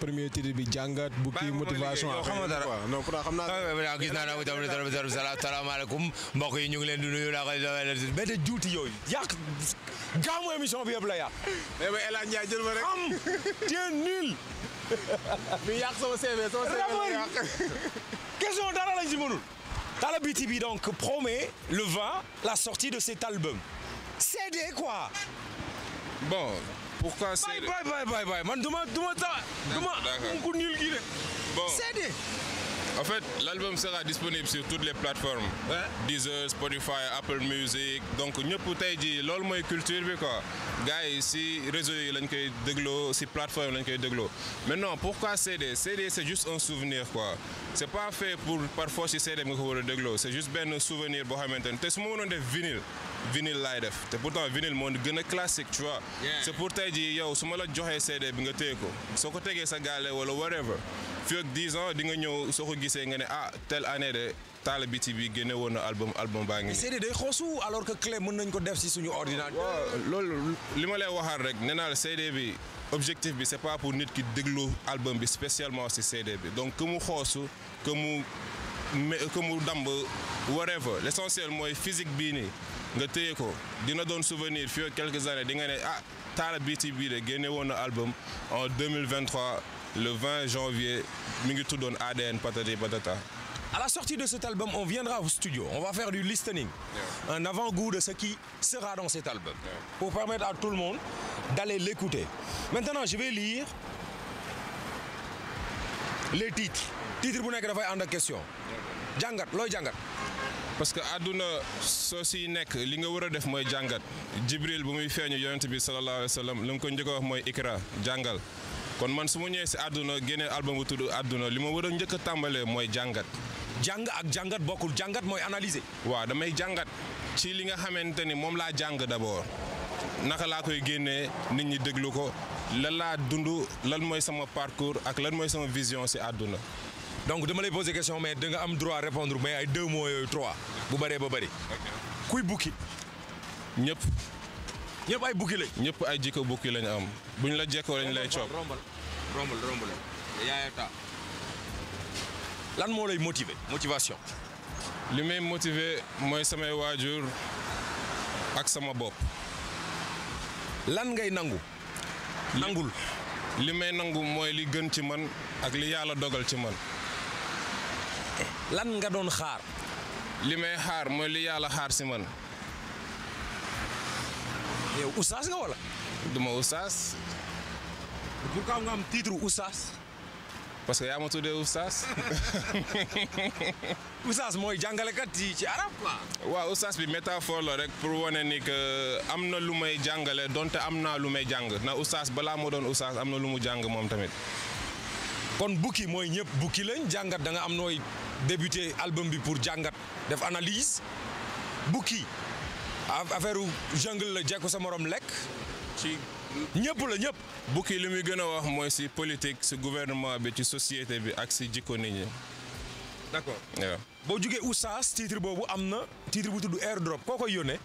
premier titre bi jàngat bu kii motivation. waaw xam nga dara non pourtant xam na gis naa a tamit salaamaaleykum mbokk yi ñu ngi leen di nuyu laa koy doon benn yooyu yàq gaamu émission bi yëpp la yàq. mais mais El Hadj Ndiaye jël ma rek. am t'es nul. mi yàq sama CV sama CV question dara lañ si mënul Thalabiti donc promet le 20 la sortie de cet album CD quoi bon pourquoi CD bay bay bay bay man duma duma ta duma ko ñul gi de bon CD En fait, l'album sera disponible sur toutes les plateformes. Ouais. Deezer, Spotify, Apple Music. Donc ñëpp tey jii loolu mooy culture bi quoi gars si réseau yi lañ koy dégloo si plateforme lañ koy dégloo. Maintenant pourquoi CD CD c'est un souvenir quoi c'est pas fait pour parfois si CD nga ko war a dégloo c'est juste benn souvenir boo xamante ne te su ma mënoon def vinyle vinyle laay def te pourtant vinyle moo gën a classique tu vois. c'est pour tey jii yow su ma la joxe CD bi nga téye ko soo ko tegee sa gaale wala gisee nga ne ah telle année de Talla Biti génne woon na album album baa ngi. CD day xoosu alors que clé mën nañ ko def si suñu ordinateur. li ma lay waxaat rek nee naa la CD bi objectif bi c'est pas pour nit ki déglu album bi spécialement si CD bi donc que mu xoosu que mu mais que mu damb whatever l'essentiel mooy physique bii nii nga téye ko dina doon souvenir fii quelques années di nga ne ah Talla Biti bii de génne woon na album en 2023. le 20 janvier mi ngi tuddoon ADN patati patata. À la sortie de cet album, on viendra au studio, on va faire du listening, yeah. un avant-goût de ce qui sera dans cet album, yeah. pour permettre à tout le monde d'aller l'écouter. Maintenant, je vais lire les titres. Titre bu nekk dafay ànd ak question. jàngat looy jàngat. parce que àdduna soo si nekk li nga war a def mooy jàngat Jibril bu muy feeñu yonent bi sallallahu alayhi wa sallam li nga mooy Ikra jàngal. kon man su ma ñëwee si àdduna génnee album bu tudd àdduna li ma war a njëkk a tàmbalee mooy jàngat. jàng ak jàngat bokkul jàngat mooy analyser. waa damay jàngat ci li nga xamante ni moom laa jàng d'abord naka laa koy génnee nit ñi déglu ko lan laa dund lan mooy sama parcours ak lan mooy sama vision si àdduna. donc dama lay poser question mais da nga am droit répondre mais ay deux mots yooyu bu baree ba bëri. kuy bukki ñëpp. ñëpp ay bukki lañ. ñëpp ay jikko bukki lañ am buñ la jekkoo lañ lay coob. rombal rombal rombal yaay ta lan moo lay motiver motivation. li may motive mooy samay waajur ak sama bopp. lan ngay nangu. nangul li may nangu mooy li gën ci man ak li yàlla dogal ci man. lan nga doon xaar. li may xaar mooy li yàlla xaar si man. yow eh, oustaz nga wala. du ma oustaz. pourquoi nga am titre oustaz. parce que yaa ma tuddee oustaz. oustaz mooy jàngalekat yi ci arab quoi. waaw bi métaphore la rek pour wane ni que am na lu may jàngale donte am naa lu may jàng na oustaz balaa moo doon oustaz am na lu mu jàng moom tamit. kon bukki mooy ñëpp bukki lañ jàngat danga am nooy débuté album bi pour jàngat def analyse bukki. affaire jungle la jekku sa moroom lekk. ci ñëpp la ñëpp. bukki li muy gën a wax mooy si politique si gouvernement bi ci société bi ak si jikko nit ñi. d'accord waaw. boo jugee Oustaz titre boobu am na titre bu tudd airdrop koo koy yónnee.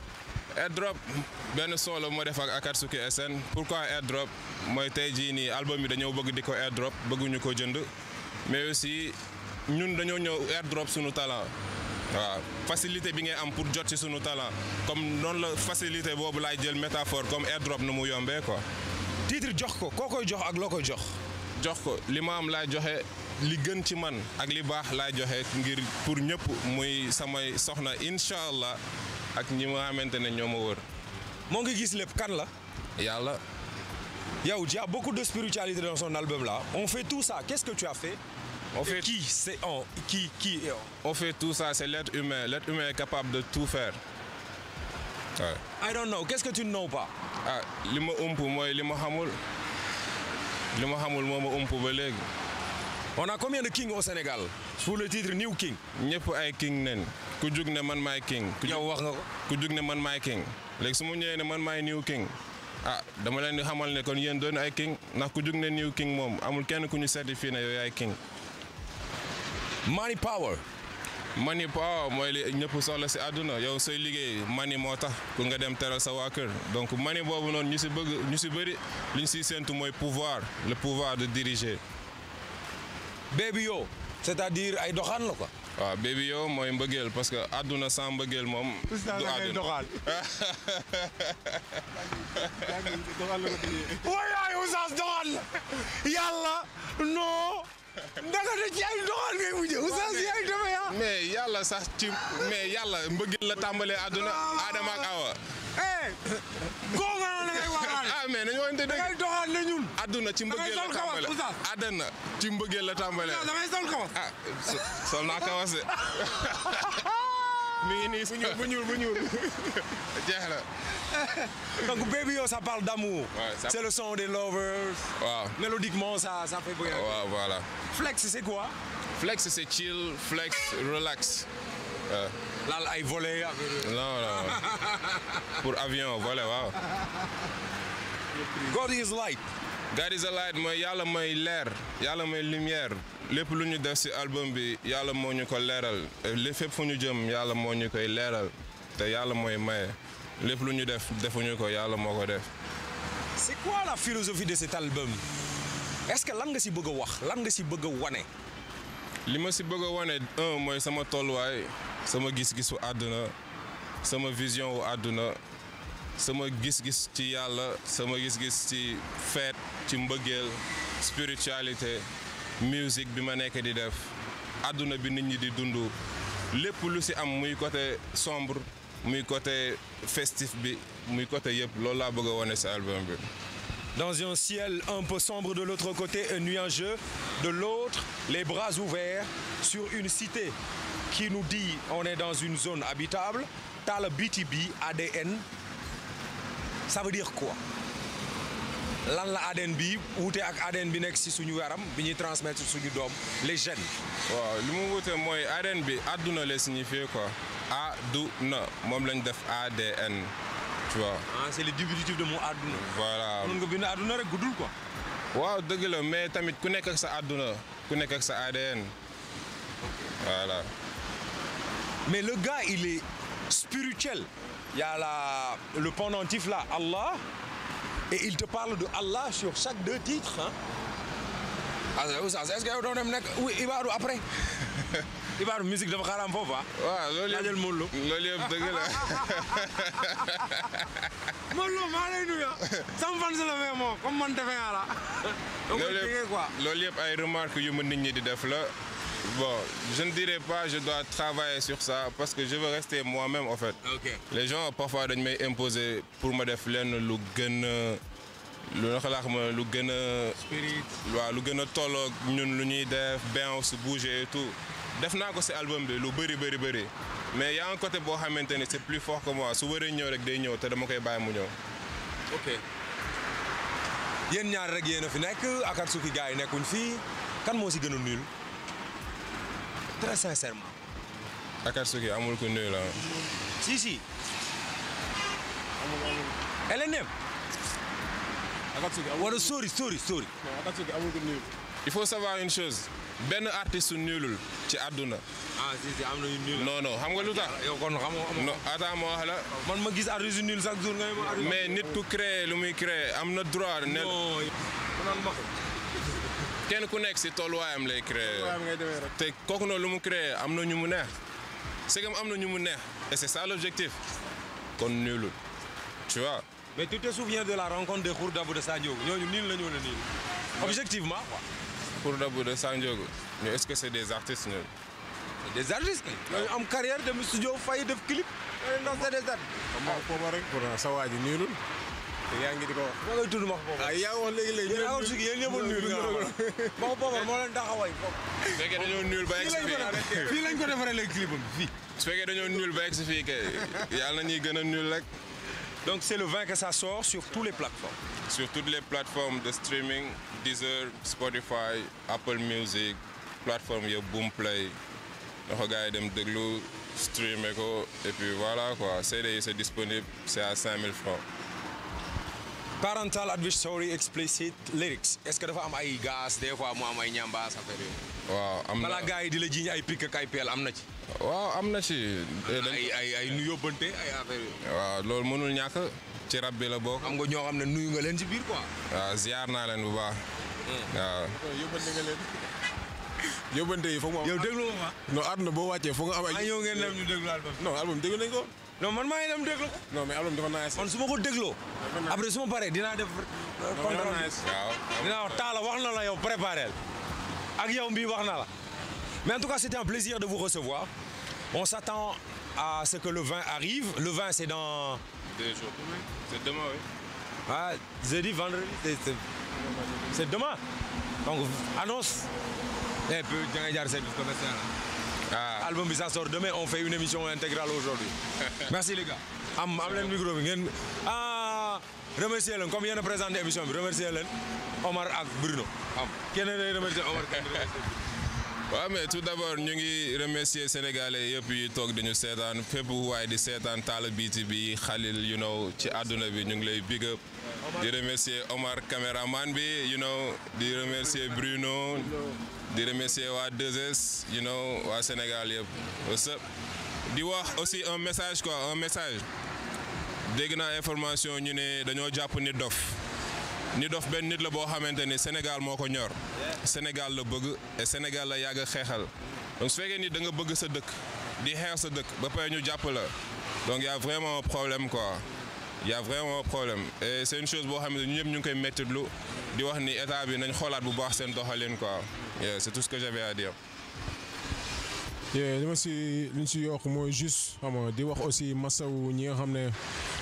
airdrop benn solo moo def ak Akatsuki SN pourquoi airdrop mooy tey jii nii album bi dañoo bëgg di ko airdrop bëgguñu ko jënd mais aussi ñun dañoo ñëw airdrop suñu talent. waaw facilité bi ngay am pour jot ci sunu talent comme noonu la facilité boobu laay jël métaphore comme airdrop nu mu yombee ko tiitre jox ko koo koy jox ak loo koy jox. jox ko li ma am laay joxe li gën ci man ak li baax laay joxe ngir pour ñëpp muy samay soxna incha allah ak ñi ma xamante ne ñoo ma wër. moo ngi gis lépp kan la. yàlla. yow tu as beaucoup de spiritualité dans son album là on fait tout ça qu'est-ce que tu as fait. On fait, qui c'est on qui, qui on fait tout ça, c'est l'être humain. L'être humain est capable de tout faire. Ouais. I ah, li ma ëmp mooy li ma xamul li ma xamul moom ma ëmp ba léegi. on a combien de king au Sénégal. sous le titre new king. ñëpp ay king nen ku jug ne man maay king. yow wax nga ko ku jug ne man maay king. léegi su ma ñëwee ne man maay new king. ah dama leen di xamal ne kon yéen doon ay king ndax ku jug ne new king moom amul kenn ku ñu certifié ne yow yaay king. money power. money power mooy li ñëpp soxla si àdduna yow sooy liggéey money moo tax pour nga dem teral sa waa donc money boobu noonu ñu si bëgg ñu si bëri li ñu siy séntu mooy pouvoir le pouvoir de diriger. Baby Yo c'est-à-dire ay doxaan la quoi. waaw Baby mooy mbëggeel parce que àdduna sans mbëggeel moom. du àdduna doxal. doxal la ko yàlla non. ndagate ci ay ndoxal ngay mujj oustaz ci ay dafa yaa mais yàlla sa ci mais yàlla mbëggil la tàmbale àdduna ah, Adama ak Awa koo eh, nga ngay waxaale ah mais nañu wante dëgg ngay doxal la ñun àdduna ci mbëggeel la tàmbale àdduna ci mbëggeel la tàmbale damay sol kawas ah mi ngi nii Baby Yo oh, ça parle d'amour. c'est le son des lovers. waaw mélodiquement ça fait bien. voilà. flex c'est quoi. flex chill flex relax. Euh. laal ay volets. Ah, euh. pour avion volet waaw. God is light. God is alive mooy yàlla mooy leer yàlla mooy lumière lépp lu ñu def ci album bi yàlla moo ñu ko leeral li fépp fu ñu jëm yàlla moo ñu koy leeral te yàlla mooy maye lépp lu ñu def defuñu ko yàlla moo ko def. c'est quoi la philosophie de cet album ce que lan nga ci bëgg wax lan nga ci bëgg wane. li ma si bëgg a wane un mooy sama tolluwaay sama gis-gisu àdduna sama vision wu àdduna. sama gis-gis ci yàlla sama gis-gis ci feet ci mbëggeel spiritualité musique bi ma nekk di def àdduna bi nit ñi di dund lépp lu si am muy côté sombre muy côté festif bi muy côté yëpp loolu laa bëgg a wane si album bi. Dans un ciel un peu sombre de l'autre côté, un nuageux, de l'autre, les bras ouverts sur une cité qui nous dit on est dans une zone habitable, Talla BTB ADN. ça veut dire quoi lan la ADN bi wuute ak ADN bi nekk si suñu waram bi ñuy transmettre suñu doom les gènes. waaw lu mu wuute mooy ADN bi àdduna la signifié quoi na moom lañ def ADN tu vois. ah c'est le de mot àdduna. voilà mën nga bind àdduna rek guddul quoi. waaw dëgg la mais tamit ku nekk ak sa àdduna ku nekk ak sa ADN voilà. mais le gars il spirituel. Il y a la, le pendentif là, Allah, et il te parle de Allah sur chaque deux titres. Hein. Oustaz est-ce que yow doo nekk Ibadou après Ibadou musique dafa xaram ah. la. Mawlo maa lay nuyu ah. sama fan si la fee moom comme man defe naa la. loolu yëpp ay remarques yu ma nit di def la. Bon, je ne dirais pas je dois travailler sur ça parce que je veux rester moi-même en fait. Okay. Les gens parfois dañ may imposer pour ma def lenn lu gën a lu naka laa xam lu gën a. spirit lu gën a tolloog ñun lu ñuy def bounce bouger et tout def naa ko si album bi lu bëri bëri bëri mais y a un côté boo xamante ni c'est plus fort que moi su waree ñëw rek day ñëw te dama koy bàyyi mu ñëw. ok yéen ñaar rek yéen a fi nekk Akatsuki gars yi nekkuñ fii kan moo si gën a nul. très sincèrement. Akatsuki amul ku nuyu la si si. amul amul. elle est née. Akatsuki amul wala sori sori sori. Akatsuki amul ku nuyu. il faut savoir une chose. benn artiste nuyulul ci àdduna. ah si si am na ñu non non xam nga lu tax. yow kon xam nga non attends ma wax la. man ma gis artiste nul chaque jour nga mais nit ku créé lu muy créé am na droit. ne non. kenn ku nekk si tolluwaayam lay créé te kooku noonu lu mu créé am na ñu mu neex segam am na ñu mu neex et c'est ça l'objectif kon nulul tu vois. mais tu souviens de la rencontre de Khourdabou de Sandiogo ñooñu nii la ñu wala nii objectivement quoi. Khourdabou de Sandiogo ñu est-ce que c'est des artistes ñoom. des artistes ñooñu am carrière dem studio fay def clip. ndax c'est des artistes. waaw foofu rek pour sa waa ji niilul te yaa ngi di ko wax. maa ngi tudd Max Popar. ah yaa wax léegi léegi. yéen ñëpp nuyul nga xam Max Popar moo leen su fekkee dañoo nuyul ba egsi fii fii lañ ko defaree fekkee dañoo nuyul ba egsi fii kay yàlla na ñuy gën a nuyul rek. donc c'est le 20 que ça sort sur toutes les plateformes. de streaming Deezer Spotify Apple Music plateforme yëpp Boomplay ndax gars yi dem déglu streamer ko et puis voilà quoi CD yi c'est disponible c'est à 5000 francs. parental advisory explicit ce que dafa am ay gaz des fois ay ñambaas affaire yooyu. waaw am na balaa gars yi di la jiñ ay picc ak ay na ci. waaw am na ci. ay ay ay nu yóbbante ay affaire yooyu. waaw loolu mënul ñàkk ci rab bi la bokk. am nga ñoo xam ne nuyu nga leen ci biir quoi. waaw ziar naa leen bu baa hmm. waaw. yóbbante nga leen. yóbbante yi foog mu am. ay. ah ngeen nañ ko. non man maa ngi dem déglu. non mais album ma ko dégloo. après su ma paree dinaa def. comme dinaa wax taala wax la yow préparé ak yow mbii wax na la. mais en tout cas c'était un plaisir de vous recevoir. on s'attend à ce que le 20 arrive le 20 c'est dans. deux jours demain c'est demain annonce. et puis da ngay jaar service commercial ah. album bi ça sort demain on fait une émission intégrale aujourd'hui merci les am am leen micro bi ngeen ah remercier leen comme yéen a présenté émission bi remercier leen Omar ak Bruno. am kenn day remercier Omar kenn waaw mais tout d'abord ñu ngi remercier sénégalais yëpp yi toog di ñu seetaan fépp waaye di seetaan taal biiti bi xalil you know ci àdduna bi ñu ngi lay big up di remercier Omar caméraman bi you know di remercier Bruno di remercier waa 2S you know waa Sénégal yëpp what's up di wax aussi un message quoi un message dégg naa information ñu ne dañoo jàpp ni dof ni dof benn nit la boo xamante ni Sénégal moo ko ñor Sénégal la bëgg et Sénégal la yàgg xeexal donc fekkee ni da nga bëgg sa dëkk di xeex sa dëkk ba pare ñu jàpp la donc y' vraiment problème quoi y' vraiment problème e seen chose boo xam ne ñu ñëpp ñu ngi koy méttitlu di wax ni état bi nañ xoolaat bu baax seen doxalin quoi c' est tout ce que j'avais à dire. li ma si li ñu si yokk mooy juste xam di wax aussi masawu ñi nga xam ne.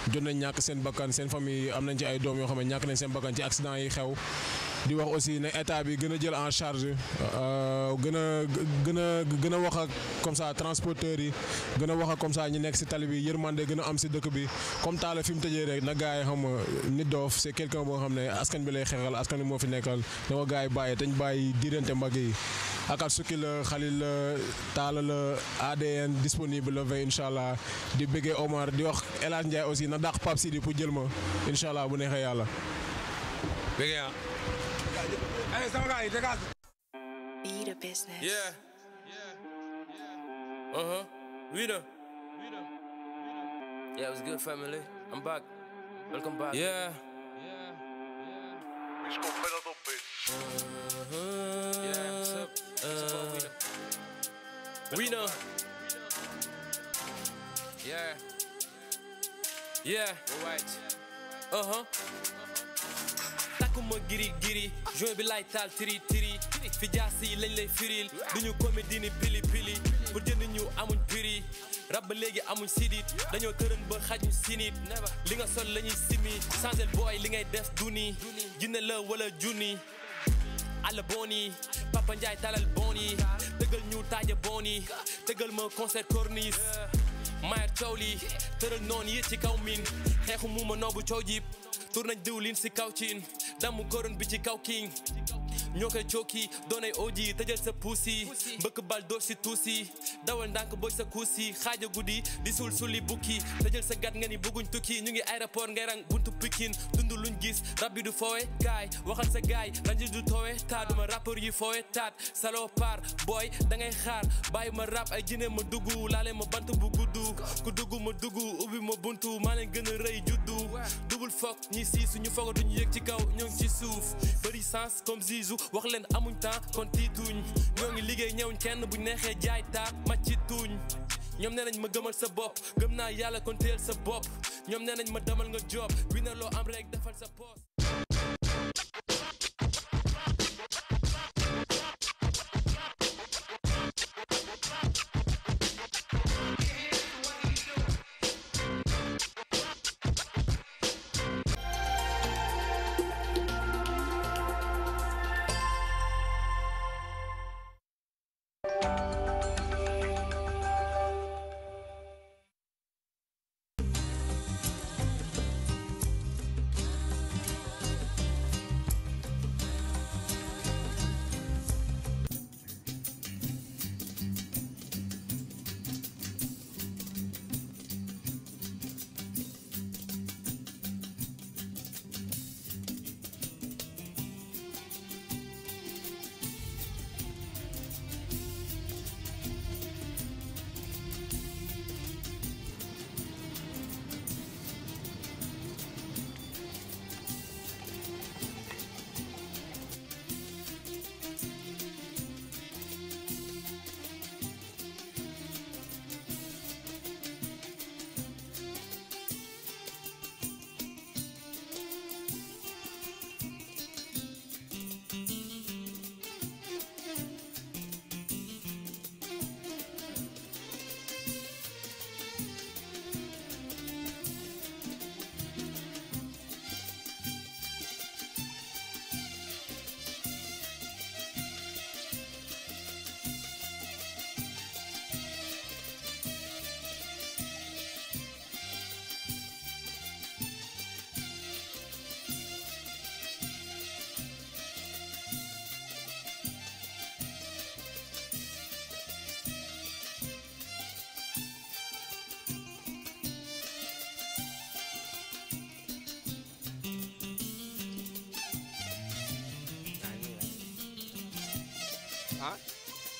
jot nañ ñàkk seen bakkan seen famille am nañ ci ay doom yoo xam ne ñàkk nañ seen bakkan ci accident yi xew di wax aussi ne état bi gën a jël en charge euh, gën a gën a gën a wax ak comme ça transporteurs yi gën a wax ak comme ça ñu nekk si tali bi yërmande gën a am si dëkk bi comme taala fi mu tëjee rek na gars yi xam nit doof c'est quelqu'un boo xam ne askan bi lay xeexal askan bi moo fi nekkal na ko gars yi bàyyi dañ bàyyi diirante mbagg yi Akatsuki la la euh, Talla la ADN disponible le 20 incha di bëggee Omar di wax El Hadj aussi na dàq Pape Sidi pour jël ma incha bu neexee yàlla. bëggee ah. allez sama gars yi dégage. Be the business. Yeah. Yeah. Yeah. Uh-huh. We the. We the. Yeah, it was good family. I'm Uh, we know. Yeah. Yeah. Alright. Uh giri giri joint bi taal tiri tiri fi jaas yi lañ lay firil duñu comédie ni pili pili pour jënd ñu amuñ prix rab ba léegi amuñ sidit dañoo tërën ba xajuñ sinit li nga sol lañuy simi changel booy li ngay def duni jinne la wala junni àll boon yi Papa Ndiaye talal boon yi tëgal ñu taaja boon yi tëgal ma concert corniche mayer coow li tëral noon yi ci kaw miin xeexu mu ma noobu coow jiib tur nañ diwlin si kaw ciin damu koron bi ci kaw king ñoo koy cooki doonay oji tëjal sa puusi mbëkk bal doo si tuusi dawal ndànk booy sa kuusi xaaja guddi di suul suli bukki tëjal sa gat nga ni bëgguñ tukki ñu ngi aéroport ngay rang buntu pikin dund luñ gis rab bi du foowe kaay waxal sa gaay ranji du toowe taat ma rappeur yi foowe taat salo paar booy dangay xaar bàyyi ma rap ay jinne ma dugg laale ma bant bu gudd ku dugg ma dugg ubbi ma buntu maa leen gën a rëy juddu double foog ñi sii suñu foog duñu yëg ci kaw ñoo ngi ci wax leen amuñ temps kon tiituñ ñoo ngi liggéey ñëwuñ kenn buñ neexee jaay taat màcc tuuñ ñoom nee nañ ma gëmal sa bopp gëm naa yàlla kon sa bopp ñoom nee nañ ma demal nga job wi na loo am rek defal sa poos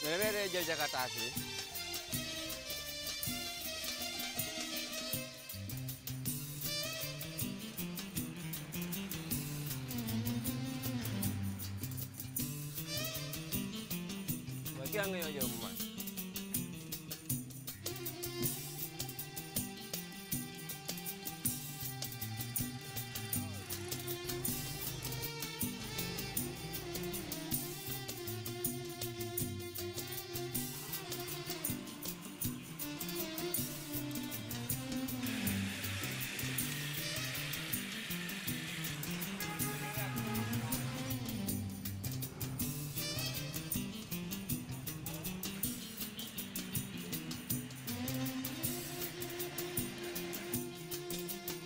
Nerejea Jakarta Asli